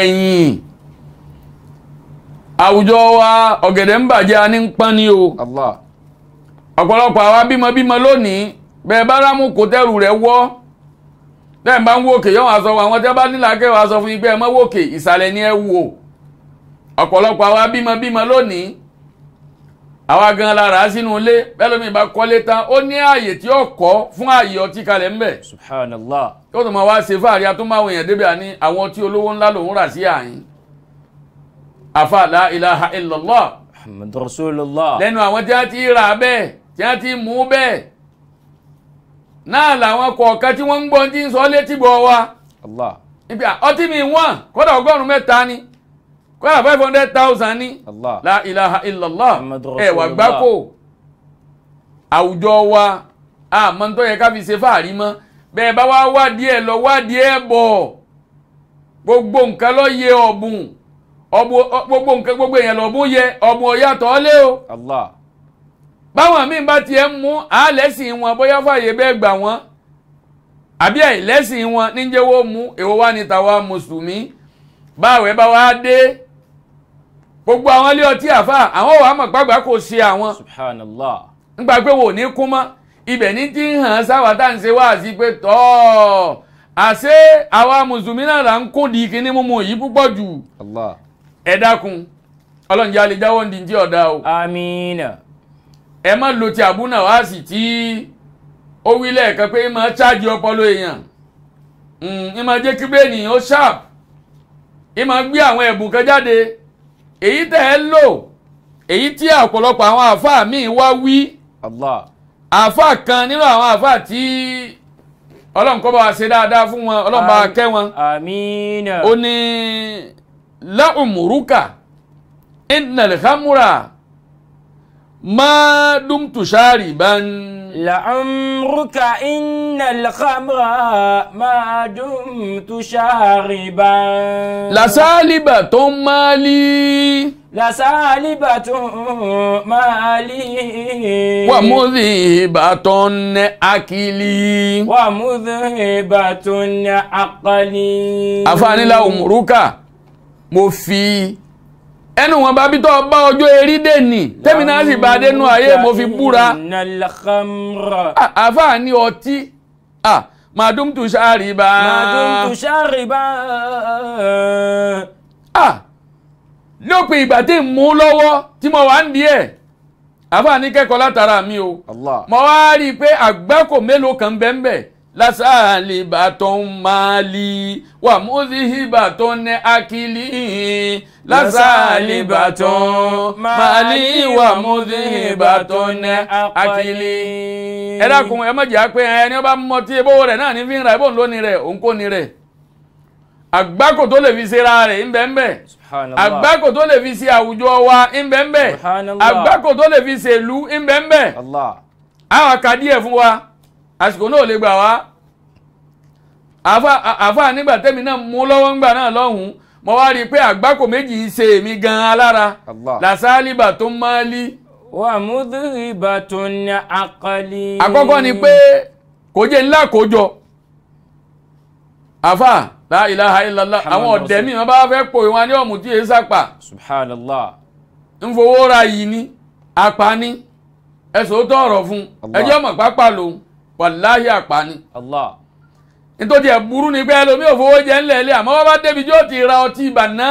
ẹ̀yìn àwùjọ wa ọ̀gẹ̀dẹ̀ ń bàjẹ́ a ní ń pọ́n ní o ọ̀pọ̀lọpọ̀ àwa bímọbímọ lónìí bẹ́ẹ̀ bá rámú kò tẹ́rù rẹ̀ wọ́ tẹ́ẹ̀ bá ń wòkè yọ̀wọ̀n aṣọ àwọn tẹ́ bá nílà kẹwàá aṣọ fún igbẹ́ ẹ mọ́ wòkè ìsàlẹ̀ ni ẹ wò ọ̀pọ̀lọpọ̀ àwa bímọbímọ lónìí àwa gan lára sínú ilé bẹ́ẹ̀ lómi ìbá kọ́lé tán ó ní ààyè tí ó kọ́ fún ààyè ọtí kalẹ̀ ńbẹ̀. subhanallah. yóò tó máa wá ṣe fáàrí atúmọ̀ àwọn èèyàn débẹ̀ àní àwọn ọtí olówó ńlá lòún rà sí àyín afa la ilaha illallah muhammadu rasulullah lẹ́nu àwọn tí a ti rà bẹ́ẹ̀ tí a ti mú bẹ́ẹ̀ náà làwọn kọ̀ọ̀kan tí wọ́n ń gbọ́ tí ń sọ létí bọ̀ wa. Allah. ibi ọtí mi wọ́n kódà ọgọ́rùn-ún mẹ́ta ni kódà five hundred thousand ni. la ilaha illallah ẹ wà gbáko àwùjọ wa àmọ́ tó yẹ ká fi ṣe fàárí mọ́ bẹ́ẹ̀ bá wá wádìí ẹ̀ lọ wádìí ẹ̀ bọ̀ gbogbo nǹkan ló yẹ ọ̀bùn. gbogbo nke gbogbo èèyàn lọ bó yẹ ọmọ yàtọ̀ o. Allah. báwọn míì bá tiẹ̀ ń mú àálẹ́sìn wọn bóyá fàyè bẹ́ẹ̀ gbà wọ́n àbí àìlẹ́sìn wọn níjẹ́wọ́ mú èwo wá ní tàwa mùsùlùmí báwẹ̀ bá wá dé gbogbo àwọn ilé ọtí àfà àwọn mọ̀ gbàgbà kò ṣe àwọn. pé wò ní mọ́ ibẹ̀ ní ti ń hàn sáwà tá à ń ṣe wá sí pé tọ́ àṣé àwa ẹ dákun ọlọ́run jẹ́ alẹ́ jáwọ́ ní ti ọ̀dà o. amiina. ẹ má lo ti àbúnà wá sí tí ó wí lẹ́ẹ̀kan pé máa ṣáàjì ọpọlọ èèyàn hmm, ẹ máa jẹ́ kí bẹ́ẹ̀ni ó ṣáàp ẹ máa gbé àwọn ẹ̀bùn kan jáde èyí tẹ̀ ẹ́ lò èyí tí ọ̀pọ̀lọpọ̀ àwọn àáfàá míì wá wí àáfàá kan nínú àwọn àáfàá tí ọlọ́run bá wa ṣe dáadáa fún wọn ọlọ́run bá wa kẹ́ wọn. amiina. ó ní la'umuruka innal khamra ma dumtu shariban la'umruka innal khamra ma dumtu shariban la salibatun mali la salibatun mali wa mudhibatun akili wa mudhibatun aqli afani la'umruka mo fi ẹnu wọn bá bí tọ́ bá ọjọ́ erí dè ní tẹ́mi náà sì bá dénú ayé mo fi búra àfáà ní ọtí màdùm tù sáàrì bá. màdùm tù sáàrì bá. lópin ìgbà tí mú lọ́wọ́ tí mo wà ń di ẹ̀ àfáà ní kẹ́kọ̀ọ́ látara mi o mo wá rí i pé àgbákò mélòó kan bẹ́ẹ̀ bẹ́ẹ̀ lásàlì bàtọ̀ máàlì wà múzìhì bàtọ̀ ní akílì lásàlì bàtọ̀ máàlì wà múzìhì bàtọ̀ ní akílì. ẹ dákun ẹ mọ̀jà pé ẹni ọba mọtí ebówó rẹ̀ náà ní fi ń ra ebó ńlóni rẹ̀ òun kò ní rẹ̀ àgbákò tó lè fi ṣe ra rẹ̀ ńbẹ́ńbẹ́ àgbákò tó lè fi ṣe àwùjọ wa ńbẹ́ńbẹ́ àgbákò tó lè fi ṣèlú ńbẹ́ńbẹ́ àwọn àkàdí ẹ̀ fún wa. àsìkò náà lè gbà wá àáfàá nígbà tẹ́mi náà mú lọ́wọ́ ńgbà náà lọ́hùn-ún mo wá rí i pé àgbákò méjì ń ṣe èmi gan-an lára làṣálíbà tó máa wà á tó ní ni pé kò jẹ́ ńlá kójọ la ilaha àwọn ọ̀dẹ́ mi wọn bá fẹ́ pò wọn ní ọ̀mù tí èé sápà. ni apani ẹ̀sọ́ fún ẹjọ́ mọ̀ pápá lòun. wàláhì àpáni. nítorí ẹ̀ burú ni pé òfowó jẹ ńlẹ̀ ilé bá débi yóò ti ra ọtí ìbànú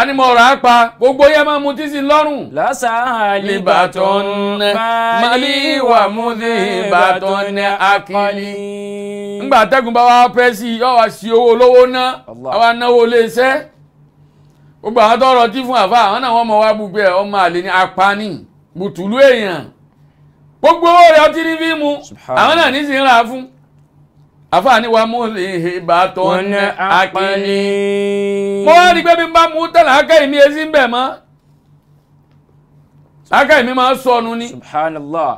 animo ra gbogbo yẹn máa mutí sí lọ́sàn-án wà ńgbà bá wa pẹ́ sí i sí owó lówó ná àwa náwó léṣẹ́. gbogbo àwọn tọrọ tí fún àfa àwọn náà wọ́n mọ̀ apani bùtùlù èèyàn. gbogbo owó rẹ̀ ọtí ní fíìmù àwọn náà ní sì ń ra fún àfààní wa mú lè he bàtọ́ ní akínní. mo wá rí i pé bí n bá mú tán làákà èmi èsì bẹ̀ mọ́ làákà èmi máa sọnù ni. subhanallah.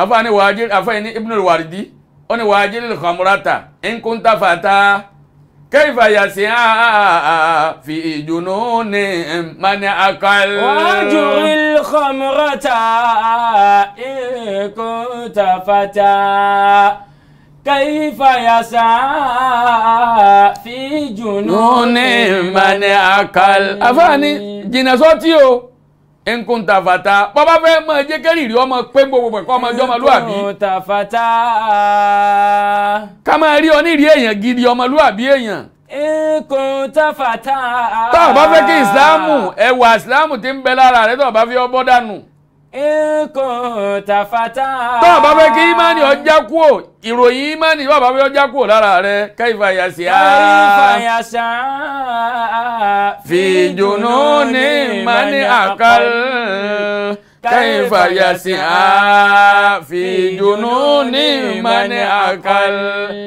àfààní wàá jẹ́ àfààní ibn al-waridi ó ní wàá jẹ́ lè khamurata in kunta fata. كيف يسعى في جنون من أقل واجر الخمرة إن كنت فتى كيف يسعى في جنون من أقل أفاني جنازتي nkuntafata bọ́bá fẹ́ mọ ẹjẹ́ kẹ́rìírí ọmọ pé gbogbo ẹ̀kọ́ ọmọ ẹjọ́ ọmọlúwàbí. nkuntafata. ká máa rí ọ ní ìrí èèyàn gidi ọmọlúwàbí èèyàn. nkuntafata. tó o bá fẹ́ kí ìsìláàmù ẹwà ìsìláàmù ti ń bẹ lára rẹ tó o bá fi ọ bọ́ dànù nǹkan tàfàtà. tó o bá fẹ́ kí imani ọjà kú o ìròyìn imani tó o bá fẹ́ ọjà kú o lára rẹ kẹ́hìfà yàsí á. kẹ́hìfà yàsá fìjùnú ní mani àkàl. kẹ́hìfà yàsí á fìjùnú ní mani àkàl.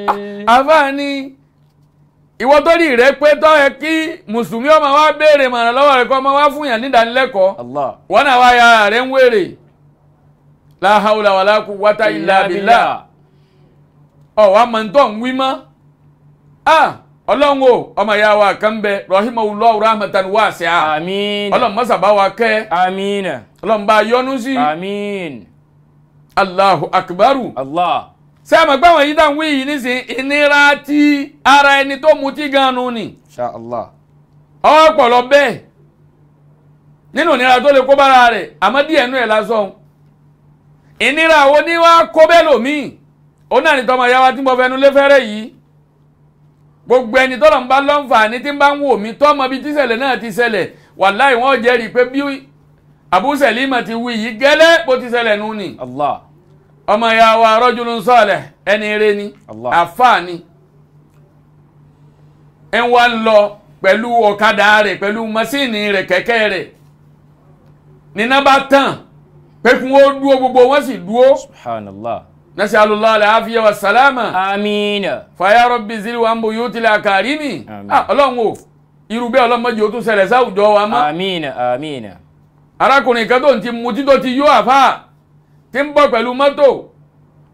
Ah, ah, àfáàní ìwọ tó ní ìrẹ́ pé tọ́ ẹ kí mùsùlùmí ọmọ wa béèrè mọ̀nà lọ́wọ́ rẹ̀ kọ́ ọmọ wa fún yàn ní ìdánilẹ́kọ̀ọ́ wọn náà wá ya rẹ̀ ń wèrè la hawla wala quwwata illa billah ọ̀wá mọ̀ntọ́ ń wí mọ́ ọlọ́run o ọmọ ìyá wa kan bẹ rahimahullahu rahmatan wasi'a àmín ọlọ́run mọ́sàbá wa kẹ́ ọlọ́run bá yọ́nú sí àmín akbaru allah ṣé ẹ mọ̀ pé àwọn yìí dàn wí yìí nísìnyí ìnira ti ara ẹni tó mutí gan ni. Insha Allah. ọpọlọ bẹ́ẹ̀ nínú ìnira tó lè kó bára rẹ̀ àmọ́ díẹ̀ nú ẹ̀ lásán ìnira wo ni wàá kó bẹ́ẹ̀ lòmíì ó náà ní tọmọ ìyá wa tí mo fẹnu lé fẹ́rẹ̀ yìí gbogbo ẹni tọ́lọ̀ ń bá lọ́nfààní tí ń bá ń wò mí tọ́mọ bíi tíṣẹ̀lẹ̀ náà ti ṣẹlẹ̀ wàláì wọ́n jẹ́rìí pé bí Abu Selima ti wí yìí gẹ́lẹ́ bó ti ṣẹlẹ̀ nù ni. Allah ọmọ ìyá wa rajulun salih ẹni eré ni àfáà ni ń wá ń lọ pẹ̀lú ọ̀kadà rẹ̀ pẹ̀lú mọ́síìnì rẹ̀ kẹ̀kẹ́ rẹ̀ níná bá tàn pé kí wọ́n dúró gbogbo wọ́n sì dúró. subhanallah. nasalullah alaafiya wa salama. amiina. faya rabbi zil wa mbo yóò tilẹ̀ akarimi. ah ọlọ́run o irú bẹ́ẹ̀ ọlọ́mọdé o tún ṣẹlẹ̀ sáwùjọ wa mọ́. arákùnrin kan tó mutí tó ti yó àfáà tí ń bọ̀ pẹ̀lú mọ́tò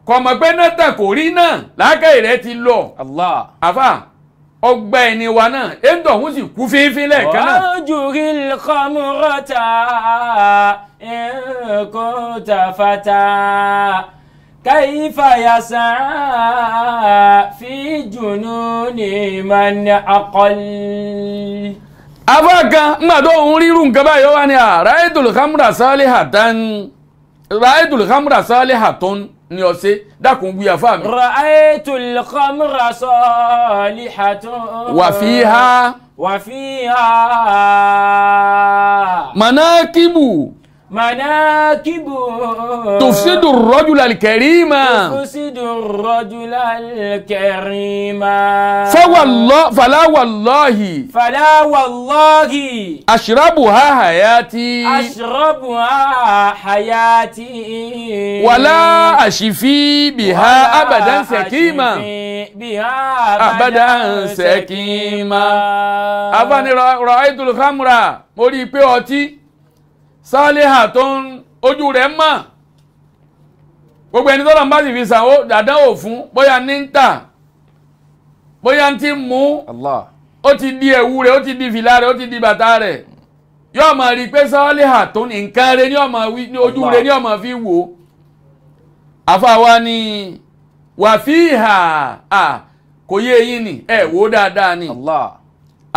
kọ̀mọ̀ pé Nátàn kò rí náà làákàyè rẹ̀ ti lọ. Allah. àfà ọgbà ẹni wa náà ẹ̀ńdọ̀ ọ̀hún sì kú fínfín lẹ́ẹ̀kan náà. ọ̀jùrí kọ́mùrọ́tà ẹ̀ńkọ́tà fata kàyífà yàsà fi jununi man aqall. abáàkan ńgbà tó ń rírun nǹkan báyọ̀ wá ní àrà ètò ìlú kámúrà sálíhà tán ra'aytul khamra salihatan ni ọsẹ dákun wí àfa mi. ra'aytul khamra salihatan. wa fiha. wa manakibu manakibu. tufsidu rọjula kẹrìmà. tufsidu rọjula kẹrìmà. fawalọ falawalọhi. falawalọhi. ashirabu ha hayati. ashirabu ha hayati. wàlá àṣìfí bìhá abadan sẹkìmà. wàlá àṣìfí bìhá abadan sẹkìmà. afanirọ rọ aidul khamra mo rí i pé ọtí sálíhà tó ń ojú rẹ̀ mọ̀ gbogbo ẹni tọ́lọ̀ ń bá sì fi sàn ó dàdán ò fún bóyá ní ń tà bóyá ń ti mú ó ti di ẹ̀wù rẹ̀ ó ti di fìlà rẹ̀ ó ti di bàtà rẹ̀ yóò máa rí i pé sálíhà tó nǹkan rẹ̀ ní ojú rẹ̀ ní ọmọ fi wò ó àfàwa ni wàfíìhà à kò yé eyín ni ẹ̀ wò ó dáadáa ni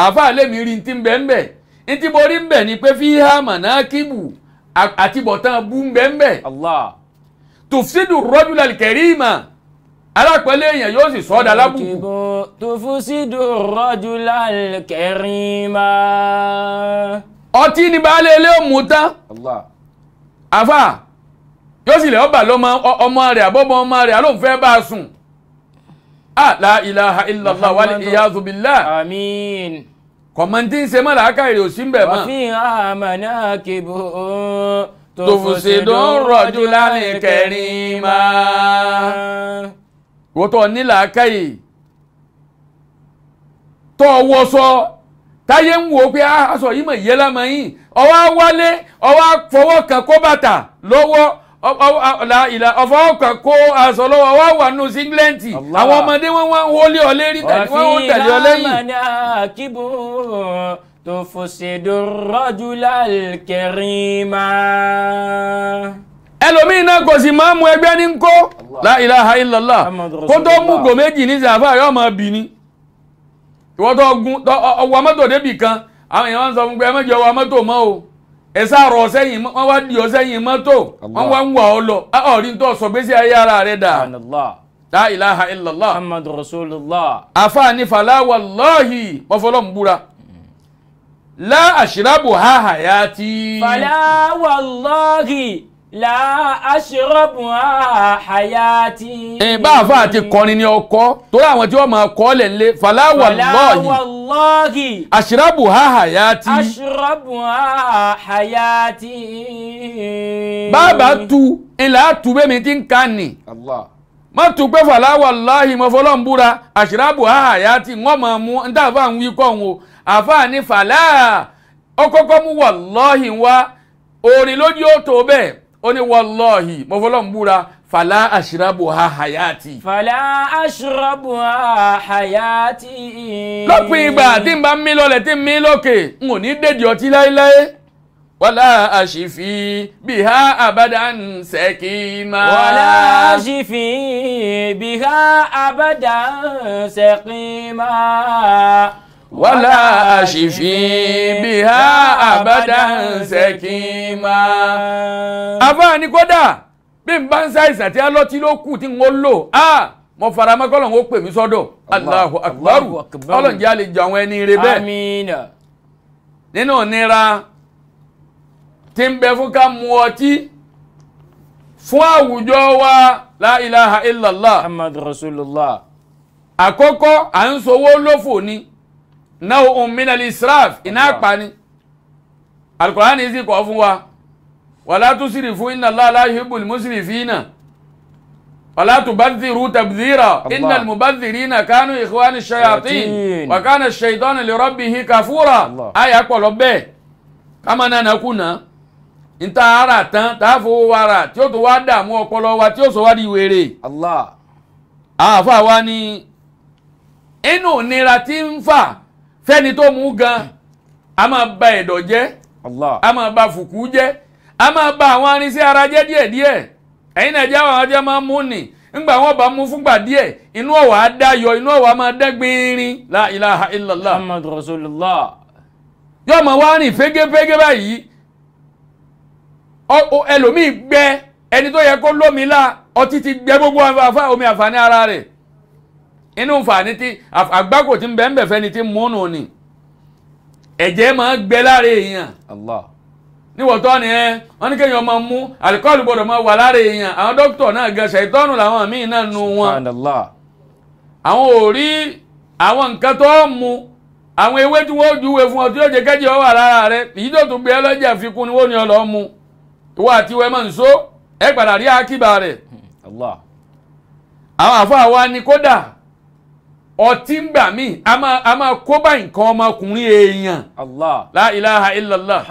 àfà lèmi rí ti ń bẹ́ẹ̀ bẹ́ẹ̀ ntí mo rí mbẹ̀ ni pé fi ha manakibu àti bọ̀tán bú mbẹ́mbẹ́. Allah. tùfsídù rọ́júlá kẹrìmà alápẹ̀lẹ̀ èèyàn yóò sì sọ́ọ́ dà lábùkù. tùfsídù rọ́júlá kẹrìmà. ọtí ni baálé ilé òmù tán. Allah. àfà yóò sì lè ọba lọ́mọ ọmọ rẹ̀ àbọ̀mọ ọmọ rẹ̀ alóhùn fẹ́ bá a sùn. ah la ilaha illallah wal iyazu billah. amiin kọ̀mọ̀ntì ń ṣe mọ́ làákà èrè òsín bẹ̀ mọ́. wàfin àmàlà kìbò tòfùsìdùn rọ̀jú lánàá kẹrin máa. wọ́n tọ́ ní làákà yìí tọ́ ọwọ́ sọ táyé ń wò pé ah, aṣọ yìí mọ̀ yẹ́lá mọ́ yìí ọwọ́ wálé ọwọ́ fọwọ́ kan kó bàtà lọ́wọ́ ọfọ ọkà kó aṣọ lọ́wọ́ wá wà nù síngilẹ́ǹtì àwọn ọmọdé wọn wá wọlé ọlẹ́rí tàbí wọn ò tẹ̀lé ọlẹ́yìn. ọ̀fìn ìlànà kíbo tó fòṣèdò rọ́júlá kẹrìnmá. ẹlòmíín náà kò sì máa mú ẹgbẹ́ ní kó la ilaha kó tó mú gò méjì ní sàfà yóò máa bì ní. ìwọ́n tó ọwọ́ mọ́tò débì kan àwọn èèyàn sọ fún pé ẹ mọ́jọ ọwọ́ mọ́tò mọ́ o ẹ sáàrọ̀ sẹ́yìn wọ́n wá di ọ sẹ́yìn mọ́tò wọ́n wá ń wà ọ lọ ọ̀rí ń tọ́ sọ gbèsè ayé ara rẹ̀ dà. la ilaha illallah. muhammadu rasulillah. àfààní fàlà wàlọ́hì mọ́fọlọ́mù búra. la àṣírà ha hayati. fàlà la aṣèrọ́bùn àhàyà tí. ẹ bá àfa àti kọrin ni ọkọ torí àwọn tí wọn máa kọ lẹ lé fàlàwà lọọhì aṣèrọ́bùn àhàyà tí. bàbá tu ilà tu bẹ́mi tí ń ka nì. má tu pé fàlàwà lọọhì mo fọlọ́ ń búra aṣèrọ́bùn àhàyà tí wọ́n máa mú ní tàfà ń wí kọ́ ń wo àfa ní fàlà ọkọ̀ọ̀kọ̀ mú wà lọ́ọ̀hì wá orin lójú ó tó bẹ́ẹ̀ ó ní wàlọ́ọ̀hì mo fọlọ́n búra fàlà àṣìràbù ha hayati. fàlà àṣìràbù ha hayati. lópin ìgbà tí n bá mí lọlẹ̀ tí n mí lókè n ò ní dèjì ọtí láéláé wàlá àṣìfì bí ha abadan sẹ́kìmá. wàlá àṣìfì bí ha abadan sẹ́kìmá wala àṣìfì bíhá àbádá ṣèkìmá. àfáà ni kódà bí n bá ń ṣàìsàn tí alọ́tí ló kù tí n ó lò mo fara mọ́ kọ́lọ̀ ń ó pè mí sọ́dọ̀ Allahu Akbar kọ́lọ̀ ń jẹ́ àlejò àwọn ẹni rẹ bẹ́ẹ̀. nínú nira tí ń bẹ fún ká mu ọtí fún àwùjọ wa la illallah. àkọ́kọ́ à ń sowó lófò ni náà òmìnira israf iná àpáni alukoran ní sí kọ́ fún wa wàlá tó sírì fún iná láàlá yuhibbul musrifina wàlá tó bá ti rú tabdira iná mubadiri na kánú ikhwani shayatin wà kánú shaitan li rabbihi kafura àyà pọ̀lọ́ bẹ́ẹ̀ kámá náà nàkú náà n ta ara tán tá a tí ó tó wá dààmú ọpọlọ wa tí ó sọ wá di wèrè. àáfà wa ni inú ìnira tí ń fà fẹ́ni tó mú gan a máa ba ẹ̀dọ̀ jẹ́ a máa ba fùkú jẹ́ a máa ba àwọn arinṣẹ́ ara jẹ́ díẹ̀díẹ̀ ẹ̀yin náà jẹ́ àwọn ajẹ́ máa mú nì ngba wọn bá mú fúngbà díẹ̀ inú ọ̀wà á yọ inú ọ̀wà máa dán la ilaha illallah muhammadu rasulillah yóò máa wá rìn fégéfégé báyìí ẹlòmíì gbẹ ẹni tó yẹ kó lómi la ọtí ti gbẹ gbogbo omi ara rẹ̀ inú fàní tí àgbákò tí ń bẹ ń bẹ fẹ́ni tí ń múnú ni ẹ̀jẹ̀ ma ń gbẹ lára èèyàn níwọ̀n tó ni ẹ wọ́n ní kéèyàn ma mú àlùkọ́ọ̀lù gbọ́dọ̀ máa wà lára èèyàn àwọn dókítà náà gan ṣètọ́nù làwọn míì náà nu wọn àwọn ò rí àwọn nǹkan tó mu àwọn ewé tí wọ́n juwe fún ọ tí yóò jẹ kẹ́jì ọ wà lára rẹ èyí tó tún gbé ẹ lọ́jà fikún ni wọ́n ní ọ lọ́ọ́ mu ìwọ àti ìwẹ́ máa ń so ẹ padà rí akíba rẹ̀ àwọn àfọ àwa ni kódà ọtí ń gbà mí a máa kó bá nǹkan ọmọkùnrin èèyàn Allah la ilaha illallah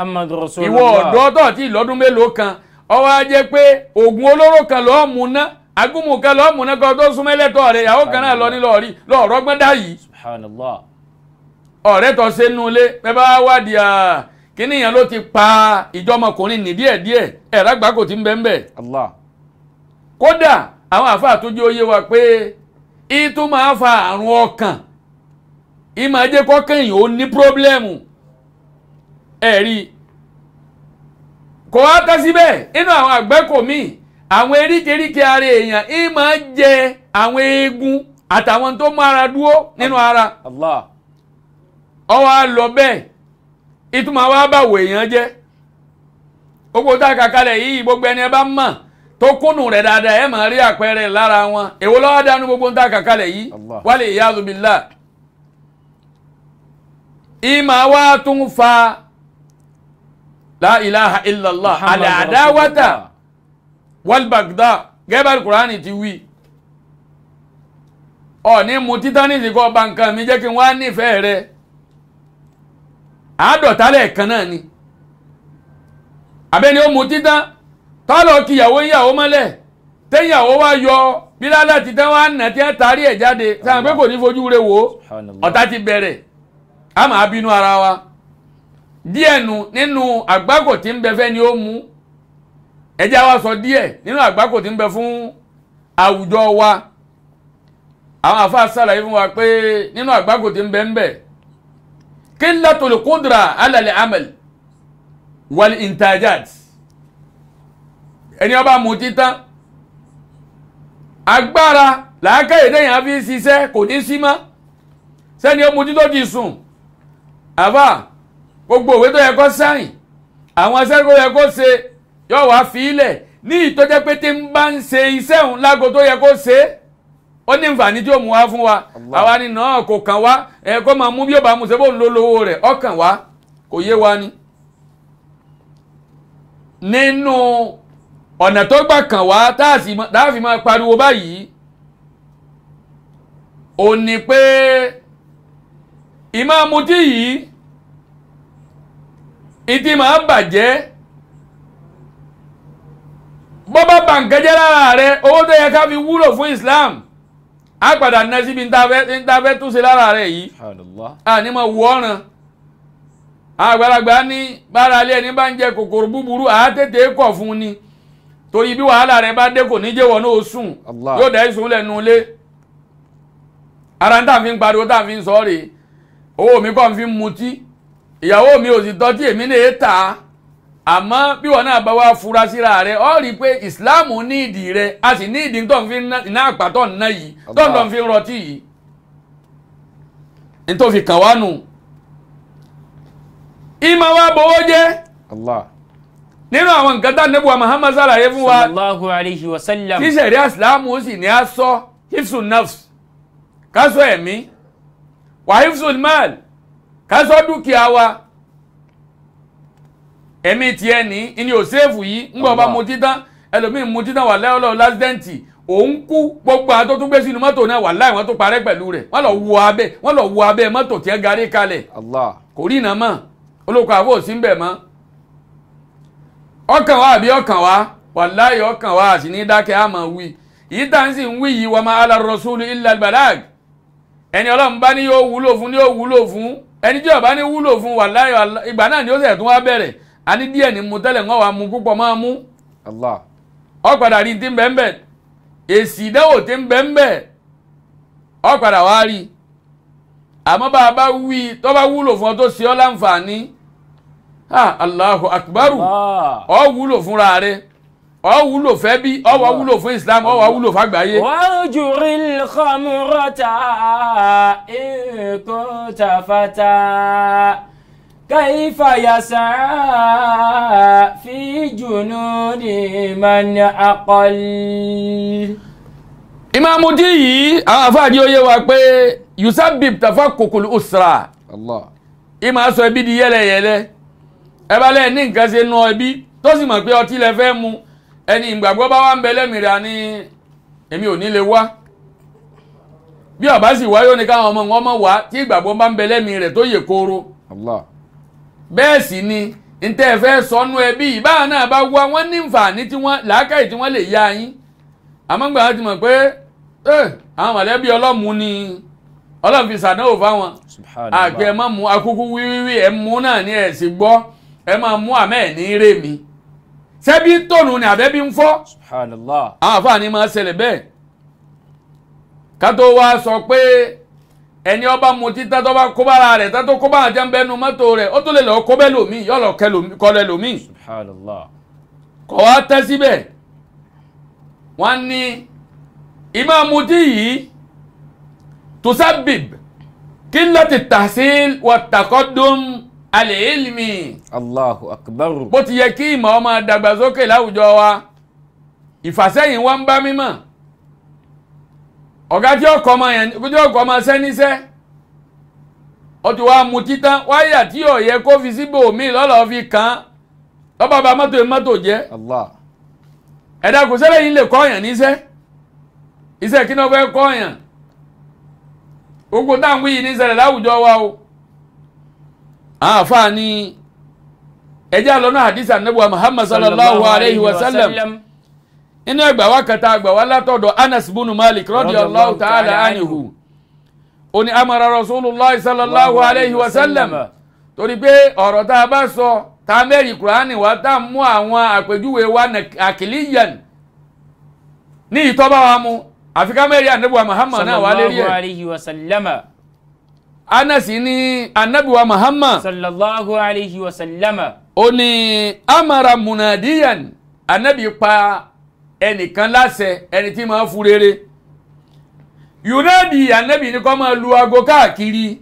ìwọ ọ̀dọ́ tó ti mélòó kan ó wá pé oògùn olóró kan lọ́ọ́ mú ná agúnmu kan lọ́ọ́ mú ná kan tó súnmọ́ ẹlẹ́tọ̀ rẹ̀ ìyàwó kan náà lọ ní yìí tó pa ìjọmọkùnrin ní kò ti ń kódà àwọn wa pé ìtún máa fa àrùn ọkàn ìmọ̀ ẹ̀jẹ̀ kọ́kànyìn ó ní pírọ́blẹ́mù ẹ̀rí kò wá tán síbẹ̀ inú àwọn àgbẹ́kò míì àwọn eríkèéríkèé ara èèyàn ìmọ̀ jẹ àwọn eegun àtàwọn tó mú ara dúró nínú ara ọwọ́ á lọ bẹ́ẹ̀ ìtumọ̀ wa bá wò èèyàn jẹ́ gbogbo tá a kà kalẹ̀ yìí gbogbo ẹni ẹ bá mọ̀ tó kúnnù rẹ̀ dáadáa ẹ̀ máa rí àpẹẹrẹ lára wọn èwo lọ́wọ́ dánú gbogbo ń ta kàkálẹ̀ yìí wálé ìyáàzù bíllà ìmọ̀ wa tún fa la ilaha illallah al-adawata wal-baghdha gẹ́gẹ́ bí kùránì ti wí ọ̀ ní mu títánìtì kọ́ ba nǹkan mi jẹ́ kí n wá nífẹ̀ẹ́ rẹ̀ àádọ́tálẹ̀ kan náà ni àbẹ́ni ó mu títán ká lọ kí ìyàwó ìyàwó mọ́lẹ̀ tẹ́yàwó wá yọ bílálà ti tẹ́ wá nà tí wọ́n tarí ẹ̀ jáde sáà pé kò ní fojú rẹ̀ wò ó ọ̀tá ti bẹ̀rẹ̀ a máa bínú ara wa díẹ̀ nu nínú àgbákò tí ń bẹ fẹ́ ni ó mú ẹjẹ́ wa sọ díẹ̀ nínú àgbákò tí ń bẹ fún àwùjọ wa àwọn àfáà sàlàyé fún wa pé nínú àgbákò tí ń bẹ ń bẹ killatul qudra ala al-amal wal intajat ẹni ọba mutí tán agbára làákàyè téèyàn fi ṣiṣẹ́ kò ní sí mọ́ sẹ́ni ó mutí tó ti sùn àbá gbogbo òwe tó yẹ kó sáyìn àwọn iṣẹ́ tó yẹ kó ṣe yóò wá fi ilẹ̀ ní ìtọ́jẹ́ pé tí ń bá ń ṣe iṣẹ́ òun lágo tó yẹ kó ṣe ó ní nfààní tí ó mú wá fún wa àwa ni náà kò kàn wá ẹ kó máa mú bí ó bá mú sẹ́bọ̀ ń lo lówó rẹ̀ ọkàn wá kò yé wa ni. nínú ọ̀nà tó gbà kàn wá tá a fi máa pariwo báyìí ò ní pé ìmáàmùtí yìí ìdí máa bàjẹ́ bó bá ba nǹkan jẹ́ lára rẹ owó tó yẹ ká fi wúlò fún Islam á padà ná síbi níta fẹ́ túnṣe lára rẹ yìí àní mo wù ọ́ràn àgbàlagbà ni bára ilé ẹni bá ń jẹ kòkòrò búburú àá tètè kọ̀ fún ni. torí bí wàhálà rẹ bá dé kò ní jẹ́wọ́ náà sùn yóò dá ìsùn lẹ́nu ilé ara ń tà fi ń pariwo tà fi ń sọ rèé owó mi kàn fi ń mutí ìyàwó mi ò sì tọ́jú èmi lè tà fura síra rẹ ọ rí i pé ìsìláàmù ní ìdí rẹ a sì ní ìdí tó ń fi iná ná yìí tó ń fi rọtí yìí kàn nínú àwọn nǹkan tá nẹ́bùwà Muhammad ṣàlàyé fún wa sallallahu alayhi wa sallam tí sẹ̀rí àsìlámù sì ní aṣọ hifsu nafs kásọ ẹ̀mí wà hifsu mal kásọ dúkìá wa ẹ̀mí tiẹ̀ ní ìní òṣèfù yìí ń bọ̀ bá mutí tán ẹlòmíín mutí tán wà lẹ́ọ̀lọ́ lásìdẹ́ǹtì òun kú gbogbo àwọn tó tún gbé sínú mọ́tò náà wà láì wọ́n tó parẹ́ pẹ̀lú rẹ̀ wọ́n lọ wo abẹ́ wọ́n lọ wo abẹ́ mọ́tò tiẹ̀ garí kalẹ̀ kò rí ìnà mọ́ olóko àfọ̀ sí mọ́ ọkàn wa àbí ọkàn wa wàláyé àti ní dákẹ́ àmọ́ wí yìí tá n sì wí yìí wà máa ala rasulu illa albalag ẹni ọlọ́run bá ní yóò wúlò fún yóò wúlò fún ẹni tí ọba ní wúlò fún wàláyé ìgbà náà ni ó tún bẹ̀rẹ̀ àní díẹ̀ tẹ́lẹ̀ wa mu púpọ̀ máa mú ọ̀padà rí ti ha ah, allahu akbaru ọ wúlò fúnra rẹ ọ wúlò fẹ́ bí ọ wà wúlò fún islam ọ wà wúlò fàgbáyé. wajuril khamrata in kunta fata kayfa yasa fi junudi man aqal. imaamu di yìí àwọn afáàjì oyè wa pé yusabib tafakukul usra. ìmọ̀ aṣọ ibi di yẹlẹyẹlẹ ẹ bá lẹ́yìn ní nǹkan ṣe nu ẹbí tó sì mọ̀ pé ọtí lẹ fẹ́ mu ẹni ìgbàgbọ́ bá wà ń bẹ lẹ́mìíràn ni èmi ò ní lè wá bí ọba sì wá yóò ní káwọn ọmọ wọn mọ̀ wá tí ìgbàgbọ́ bá ń bẹ lẹ́mìí rẹ̀ tó yè kooro bẹ́ẹ̀ sì ni ntẹ́ ẹ fẹ́ sọnù ẹbí ìbá náà bá wá wọ́n ní nfààní tí wọ́n làákàyè tí wọ́n lè yá yín àmọ́ gbà wọ́n ti mọ̀ pé àwọn mọ̀lẹ́bí ọlọ́mù ni ọlọ́mù fi sàdánwò fáwọn àgbẹ̀ mọ́ mu akúkú wíwíwí ẹ̀ mú náà ní ẹ̀ sì gbọ́ ẹ máa mú àmẹ́ ní rè mi ṣebí tónù ni àbẹ́bí ń fọ́ subhanallah àwọn àfààní máa ṣẹlẹ̀ bẹ́ẹ̀ ká tó wá sọ pé ẹni ọba mutí tá tó bá kó bára rẹ̀ tá tó kó bára jẹ́ ń bẹ́nu mọ́tò rẹ̀ ó tó lè lọ́ọ́ kó bẹ́ẹ̀ lòmíì yọ̀ lọ́ọ́ kọlẹ̀ lòmíì subhanallah kọ̀ tẹ́ síbẹ̀ wọ́n ní ìmáà mutí yìí tusabib kí ló ti tahsil wa taqaddum. alẹ́ èlìmì. Allahu akbar. bó ti yẹ kí ìmọ̀ ọmọ dàgbàsókè láwùjọ wa ìfàsẹ́yìn wa ń bá mímọ̀ ọ̀gá tí ọkọ̀ tí ọkọ̀ ọmọ sẹ́níṣẹ́ ó ti wá mu títán wáyà tí ò yẹ kó fi síbò mí fi kàn lọ́ba bá mọ́tò yẹn jẹ́ ẹ̀dá kò sẹ́lẹ̀ yìí lè níṣẹ́ iṣẹ́ kí ni wọ́n fẹ́ àáfàá ni ẹjẹ́ àlọ́nà àdìsá nàbùwà muhammad sallallahu alayhi wa sallam inú ẹgbàá wa kàtà àgbàá wa látọ̀dọ̀ anas bunu malik radiyallahu ta'ala anhu ó ní amara rasulillah sallallahu alayhi wa sallam torí pé ọ̀rọ̀ tá a bá sọ tá a mẹ́rin kùránì wá tá a mú àwọn àpèjúwe wa àkìlíyàn ní ìtọ́ba wa mu àfikà mẹ́rin ànábì muhammad náà wà lérí ẹ̀ anas ní anabiwa muhammad. sallallahu alayhi wa sallama. ó ní amara munadiyan anabi pa ẹnìkan láṣẹ ẹni tí máa fu rere yunadi anabi ni kó máa lu aago káàkiri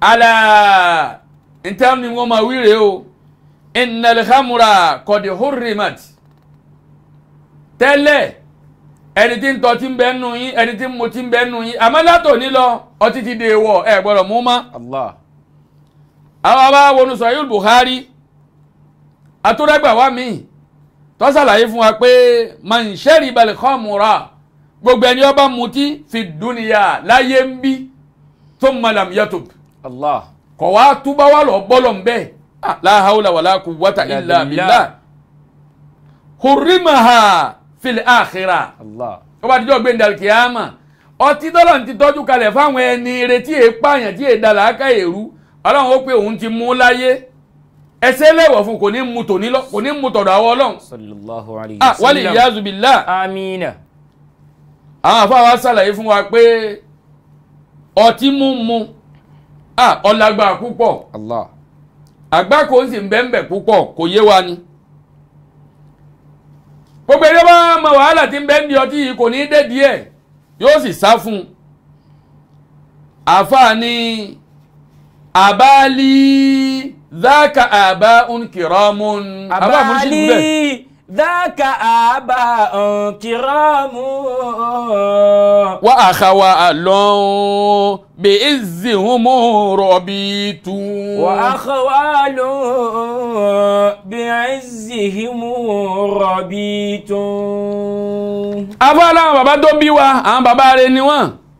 ala ntẹ́wọ́n ni wọ́n máa wíre o innal khamra qad ẹni tí ń tọ́ tí ń bẹ́ nù yín ẹni tí ń mu tí ń bẹ́ nù yín àmọ́ látòní lọ ọtí ti dè wọ̀ ẹ gbọ́dọ̀ mú mọ́. àwọn bá wọnú Sahih Bukhari atúrẹ́gbà wá mi tó ṣàlàyé fún wa pé man shariba al-khamra gbogbo ẹni ó bá mutí fi dunya láyé ń bí thumma lam yatub kọ̀ wá túbá lọ bọ́lọ̀ ń bẹ́ẹ̀ ah, la hawla wala quwwata illa billah hurrimaha fìlẹ̀ àkìrà ó bá dijọ́ gbẹ̀ndà kìámà ọtí tọ́lọ̀ ti tọ́jú kalẹ̀ fáwọn ẹni retí èèpààyàn tí èèdà làákà èrú ọlọ́run ó pé òun ti mú láyé ẹsẹ̀ lẹ́wọ̀ fún kò ní mu tòní lọ kò ní mu tọ̀dọ̀ àwọn ọlọ́run. sallallahu alayhi ah, wa sallam wàlẹ̀ ìyá zubila. amina. àwọn àfáà wa ṣàlàyé fún wa pé ọtí mímu ah, ọ̀làgbà púpọ̀ àgbákò ń sì bẹ́ẹ̀ bẹ́ẹ̀ púpọ̀ kò yé wa ni gbogbo ẹni bá mọ wàhálà tí ń bẹ ń di ọtí yìí kò ní í dé yóò sì sá fún un àfáà ni àbálí záka àbá ń kìrọ́mù àbá àmúrísí níbẹ̀. ذاك آباء كرام وأخوال بإزهم ربيت وأخوال بعزهم ربيت. àbá làwọn bàbá tó bí wa àwọn bàbá rẹ ni wọn.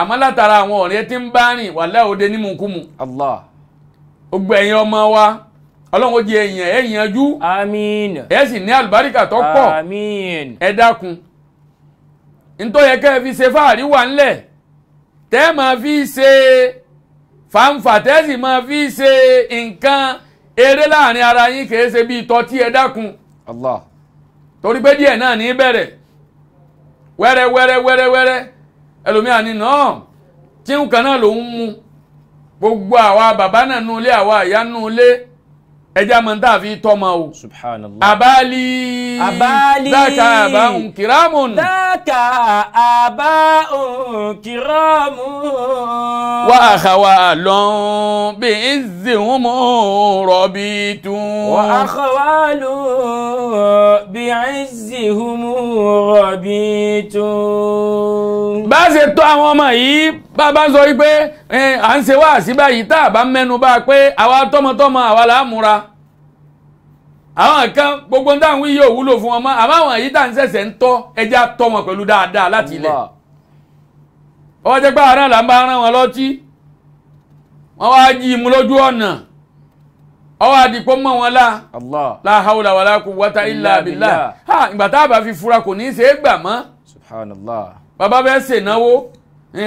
Amala tara àwọn ọ̀rẹ́ tí ń bá rìn wà nimu ní mùkúmù. Allah. ẹ̀yin ọmọ wa ọlọ́run ó èèyàn ẹ̀ yanjú. amiin. ẹ sì ní àlùbáríkà tó pọ̀. amiin. ẹ dákun. ntọ́yẹ ẹ fi ṣe fáàrí wà ńlẹ̀ tẹ́ fi ṣe fàǹfà tẹ́ ẹ sì máa fi ṣe nǹkan eré láàrin ara yín ṣe bíi tọ́tí ẹ dákun. Allah. torí pé díẹ̀ náà ní bẹ̀rẹ̀ wẹ́rẹ́ wẹ́rẹ́ wẹ́rẹ́ wẹ́rẹ́ ẹlòmíà ni náà tíhun kan náà lòún mú gbogbo àwa bàbá náà nù ilé àwa ìyá nù ilé ẹja mọ̀ tá a fi tọ́mọ o. subhanallah. abali. abali. daka aba nkiramun. daka aba nkiramun. wa akawa lọ́n bí ìzìhùn mọ́ rọ̀bì tún. wa akawa lọ́n bí ìzìhùn mọ́ rọ̀bì tún. bá a ṣe tọ́ àwọn ọmọ yìí bá a bá ń sọ wípé à ń ṣe wáàsí báyìí tá a bá ń mẹ́nu bá a pé àwa tọmọtọmọ àwa là á múra àwọn kan gbogbo ń dáhùn yìí yóò wúlò fún wọn mọ́ àmọ́ àwọn yìí tá à ń ṣẹ̀ṣẹ̀ ń tọ́ ẹja tọ́ wọn pẹ̀lú dáadáa láti ilẹ̀ ọwọ́ jẹ́ pé àárẹ̀ là ń bá rán wọn lọ́tí wọ́n wá jí i lójú ọ̀nà ọwọ́ àdìpó mọ́ wọn lá la hawla wala quwwata illa billah ha ìgbà tá a bá fi fura kò ní í ṣe é gbà mọ́ bàbá bẹ́ẹ̀ ṣènáwó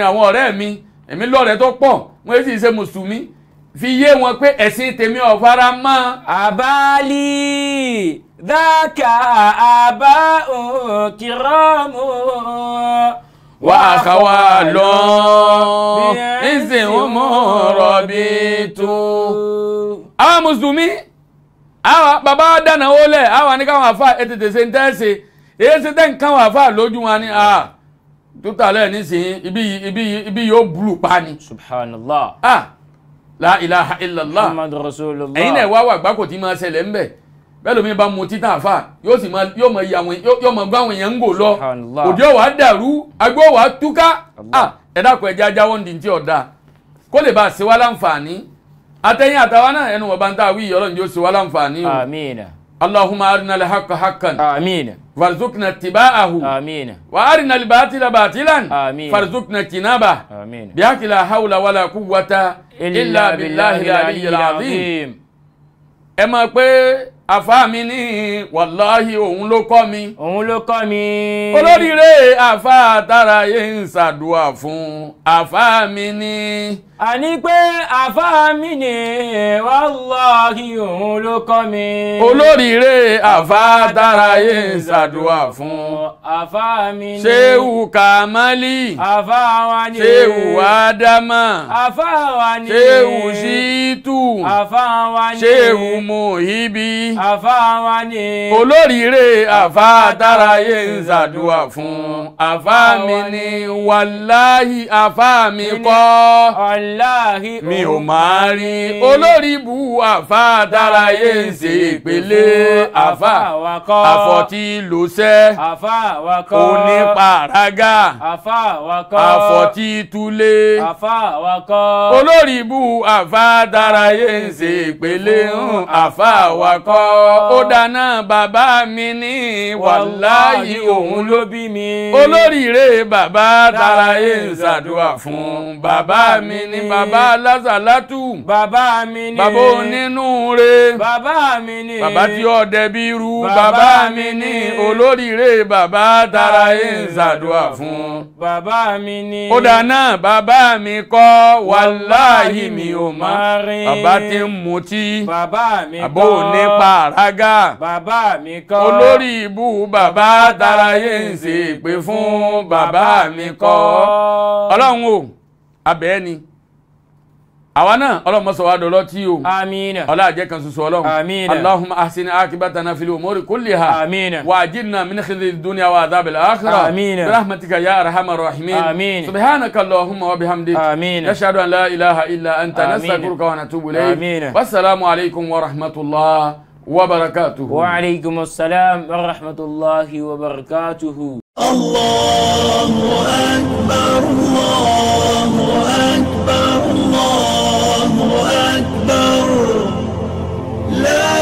àwọn ọ̀rẹ́ mi èmi lọ́rẹ̀ẹ́ tó pọ̀ wọ́n sì ṣe mùsùlùmí fi yé wọn pé ẹ̀sìn tèmi ò fara mọ́. àbálí dákà àbá òkìrọ́mù. wà á kà wá lọ ẹ̀sìn wọn rọ̀bì tó. àwọn mùsùlùmí àwọn bàbá dáná wọlé àwọn ní káwọn àfa ètètè ṣe ń tẹ́ èyí ṣe tẹ́ ń káwọn àfa lójú wọn ni tó tà lẹ́yìn nísìnyí ibi yìí ibi yìí ibi yìí ó bulu pa ni. subhanallah. ah la ilaha illallah. muhammadu rasulillah. ẹ̀yin náà wá wà gbáko tí máa ṣẹlẹ̀ ń bẹ̀ bẹ́ẹ̀ lómi bá mu títà fà yóò sì máa yóò máa yà wọ́n yóò máa gbọ́ àwọn èèyàn ń gò lọ. subhanallah. òde ò wá dàrú agbó wà túká. ah ẹ dákun ẹja ajá wọn di ọ̀dà kó lè bá a ṣe wá àtàwọn náà ẹnu wọn bá ń tà wí ìyọ́lọ́ اللهم أرنا الحق حقا آمين وارزقنا اتباعه آمين وأرنا الباطل باطلا آمين فارزقنا اجتنابه آمين بحق لا حول ولا قوة إلا, إلا بالله العلي العظيم ẹ máa àfá mi ní wàláhì òun ló kọ́ mi. òun ló kọ́ mi. olóríire àfá àtàràyé ń ṣàdúà fún àfá mi ní. àní pé àfá mi ní wàláhì òun ló kọ́ mi. olóríire àfá àtàràyé ń ṣàdúà fún àfá mi ní. ṣéwù kàmálì. àfá wa ni. ṣéwù ádámà. àfá wa ni. ṣéwù ṣítù. àfá wa ni. ṣéwù mùhíbí àfa wa ni. olóríire àfa àtàràyè ń ṣàdúrà fún àfa mi ni wàláhì àfa mi kọ́ ọ̀láhì mi ò máa rí olóríbu àfa àtàràyè ń ṣe ìpele àfa àfọ̀tí lòṣẹ́ àfa wa kọ́ onípàrágà àfa wa kọ́ àfọ̀tí túlé àfa wa kọ́ olóríbu àfa àtàràyè ń ṣe ìpele àfa wa kọ́ ó dáná bàbá mi ní wàláyé òun ló bí mi. olóríire bàbá tàráyé ń ṣàdúrà fún bàbá mi ní bàbá lásàlátù. bàbá mi ní. bàbá onínúure. bàbá mi ní. bàbá tí ọdẹ bí rú. bàbá mi ní. olóríire bàbá tàráyé ṣàdúrà fún. bàbá mi ní. ó dáná bàbá mi kọ́ wàláyé mi ò má. bàbá tí ń mutí. bàbá mi kọ́ àbó nípa àràgà. bàbá mi kọ́. olórí ibú bàbá darayé ń ṣe pé fún bàbá mi kọ́. ọlọ́run o abẹ́ ni àwa náà ọlọ́run mọ́sọ̀ wa dọ̀lọ́ tí o. amiina. ọlá àjẹ́ kan ṣoṣo ọlọ́run. amiina. allahumma ahsin akibatana fil umuri kulliha. amiina. wa ajirna min khizi dunya wa adhabil akhirah. amiina. bi rahmatika ya arhamar rahimin. amiina. subhanaka allahumma wa bihamdik. amiina. nashhadu an la ilaha illa anta. amiina. nastaghfiruka wa natubu ilayk. amiina. wasalaamu alaykum wa rahmatulah. وبركاته وعليكم السلام ورحمة الله وبركاته الله أكبر الله أكبر الله أكبر لا